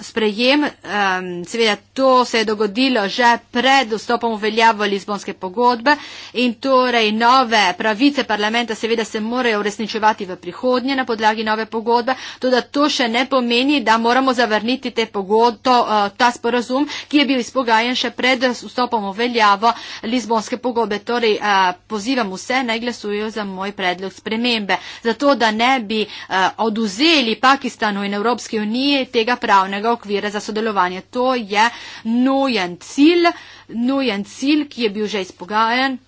sprejem, um, seveda to se je dogodilo že pred vstopom v veljavo Lizbonske pogodbe in torej nove pravice parlamenta parlamenta seveda se morajo uresničevati v prihodnje na podlagi nove pogodbe, to da to še ne pomeni, da moramo zavrniti te pogodbe, eh, ta sporazum, ki je bil izpogajen še pred vstopom v veljavo Lizbonske pogodbe. Torej eh, pozivam vse, naj glasujejo za moj predlog spremembe, zato da ne bi eh, oduzeli Pakistanu in Evropske unije tega pravnega okvira za sodelovanje. To je nujen cilj, nujen cilj, ki je bil že izpogajen.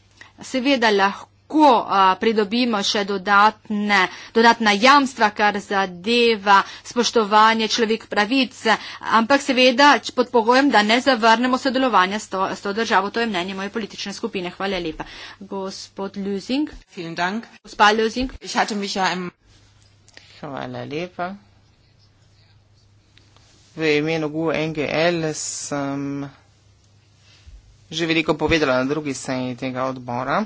Seveda lahko lahko pridobimo še dodatne, dodatna jamstva, kar zadeva spoštovanje človek pravice, ampak seveda pod pogojem, da ne zavrnemo sodelovanja s to, s to državo. To je mnenje moje politične skupine. Hvala lepa. Gospod Ljuzing. Gospa Ljuzing. Ja Hvala lepa. V imenu GU NGL sem že veliko povedala na drugi seji tega odbora.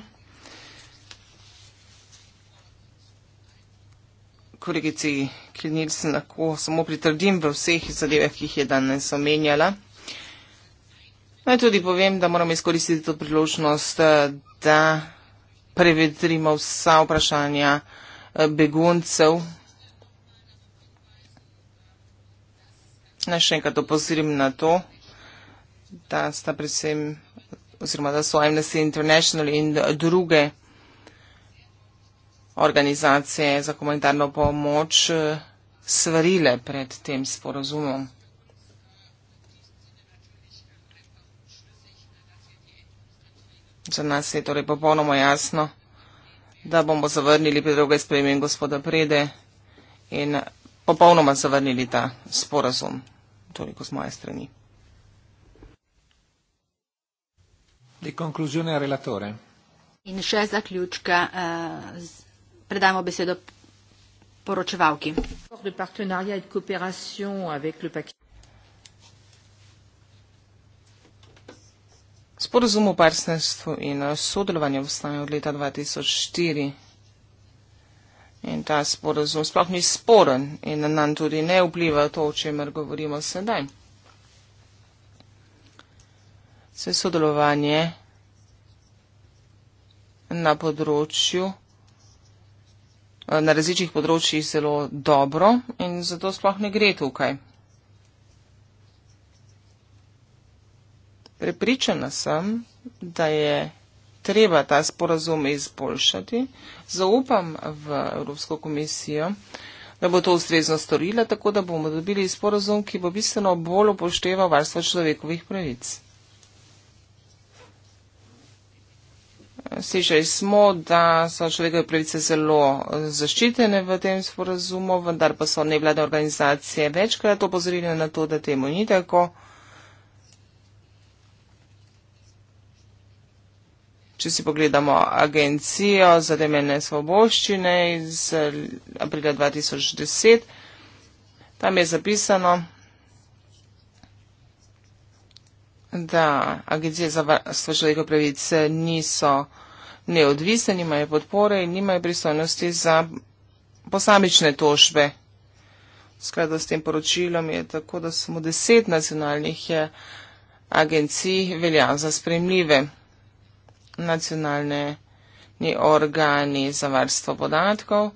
kolegici Kirnilsen lahko samo pritrdim v vseh zadevah, ki jih je danes omenjala. Naj tudi povem, da moramo izkoristiti to priložnost, da prevedrimo vsa vprašanja eh, beguncev. Naj še enkrat opozorim na to, da sta predvsem, oziroma da so Amnesty International in druge organizacije za komunitarno pomoč eh, svarile pred tem sporozumom. Za nas je torej popolnoma jasno, da bomo zavrnili predloge spremen gospoda Prede in popolnoma zavrnili ta sporozum. Toliko z moje strani. In še zaključka uh, Predajmo besedo poročevalki. Sporozum o partnerstvu in eh, sodelovanju v stanju od leta 2004. In ta sporozum sploh ni sporen in nam tudi ne vpliva to, o čemer govorimo sedaj. Se sodelovanje na področju Eh, na različnih področjih zelo dobro in zato sploh ne gre tukaj. Prepričana sem, da je treba ta sporazum izboljšati. Zaupam v Evropsko komisijo, da bo to ustrezno storila, tako da bomo dobili sporazum, ki bo bistveno bolj upošteval varstvo človekovih pravic. slišali smo, da so človekove pravice zelo zaščitene v tem sporazumu, vendar pa so nevladne organizacije večkrat opozorile na to, da temu ni tako. Če si pogledamo agencijo za temeljne svoboščine iz aprila 2010, tam je zapisano, da agencije za varstvo človekovih pravic niso neodvisne, nimajo podpore in nimajo pristojnosti za posamične tožbe. Skladno s tem poročilom je tako, da samo deset nacionalnih eh, agencij velja za spremljive. Nacionalni organi za varstvo podatkov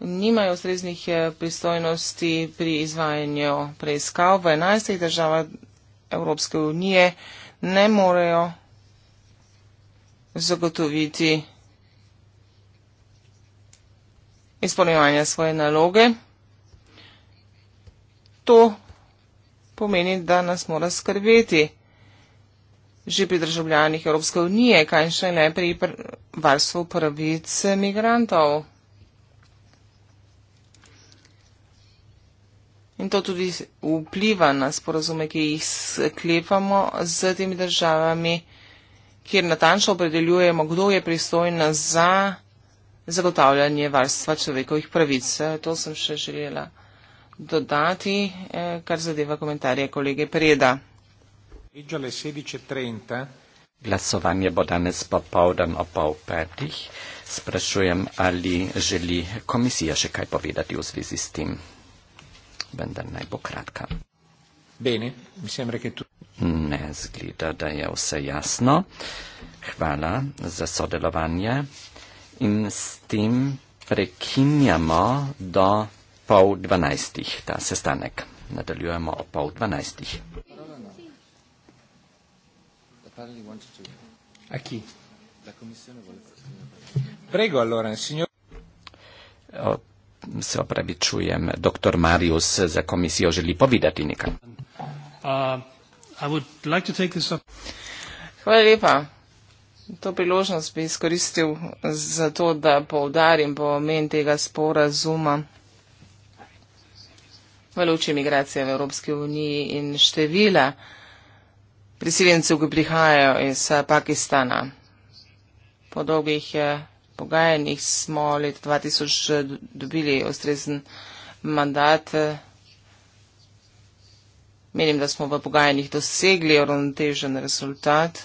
nimajo ustreznih eh, pristojnosti pri izvajanju preiskav v enajstih državah Evropske unije, ne morejo zagotoviti izpolnjevanje svoje naloge. To pomeni, da nas mora skrbeti že pri državljanih Evropske unije, kaj še ne pri varstvu pravic migrantov. In to tudi vpliva na sporozume, ki jih sklepamo z temi državami kjer natančno opredeljujemo, kdo je pristojna za zagotavljanje varstva človekovih pravic. E, to sem še želela dodati, e, kar zadeva komentarje kolege Preda. Glasovanje bo danes popovdan o pol petih. Sprašujem, ali želi komisija še kaj povedati v zvezi s tem. Vendar naj bo kratka. Bene, mi sembra che tu. Ne zgleda, da je vse jasno. Hvala za sodelovanje. In s tem prekinjamo do pol dvanajstih ta sestanek. Nadaljujemo o pol dvanajstih. Prego, allora, signor. Se opravičujem, dr. Marius za komisijo želi povedati nekaj. Uh, Hvala lepa. To priložnost bi izkoristil za to, da povdarim pomen tega sporazuma v luči migracije v Evropski uniji in števila prisiljencev, ki prihajajo iz eh, Pakistana. Po dolgih eh, pogajanjih smo leta 2000 eh, dobili ustrezen mandat Menim, da smo v pogajanjih dosegli uravnotežen rezultat.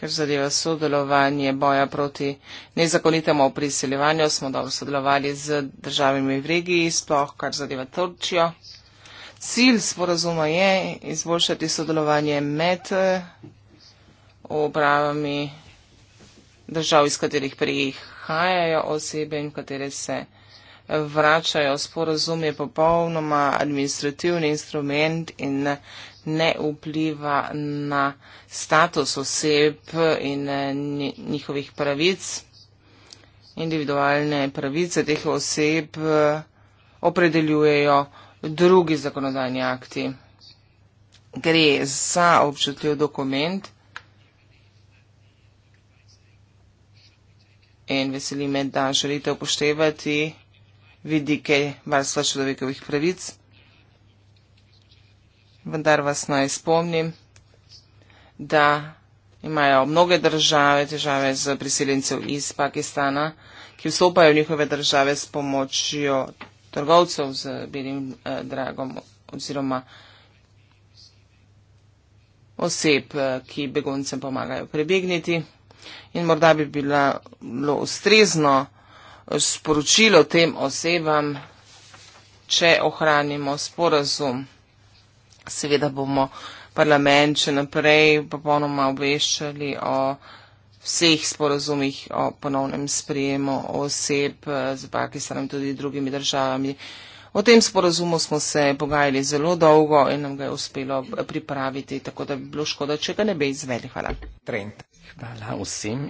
Ker zadeva sodelovanje boja proti nezakonitemu priseljevanju, smo dobro sodelovali z državami v regiji, sploh kar zadeva Turčijo. Cilj sporazuma je izboljšati sodelovanje med upravami eh, držav, iz katerih prejih odhajajo osebe in katere se vračajo. Sporazum je popolnoma administrativni instrument in ne vpliva na status oseb in njihovih pravic. Individualne pravice teh oseb eh, opredeljujejo drugi zakonodajni akti. Gre za občutljiv dokument, in veseli me, da želite upoštevati vidike varstva človekovih pravic. Vendar vas naj spomnim, da imajo mnoge države težave z priseljencev iz Pakistana, ki vstopajo v njihove države s pomočjo trgovcev z belim eh, dragom oziroma oseb, eh, ki beguncem pomagajo prebegniti. In morda bi bilo ustrezno eh, sporočilo tem osebam, če ohranimo sporazum. Seveda bomo parlament še naprej popolnoma obveščali o vseh sporazumih o ponovnem sprejemu oseb eh, z Pakistanom in tudi drugimi državami. O tem sporazumu smo se pogajali zelo dolgo in nam ga je uspelo pripraviti, tako da bi bilo škoda, če ga ne bi izvedli. Hvala. Trend. Hvala vsem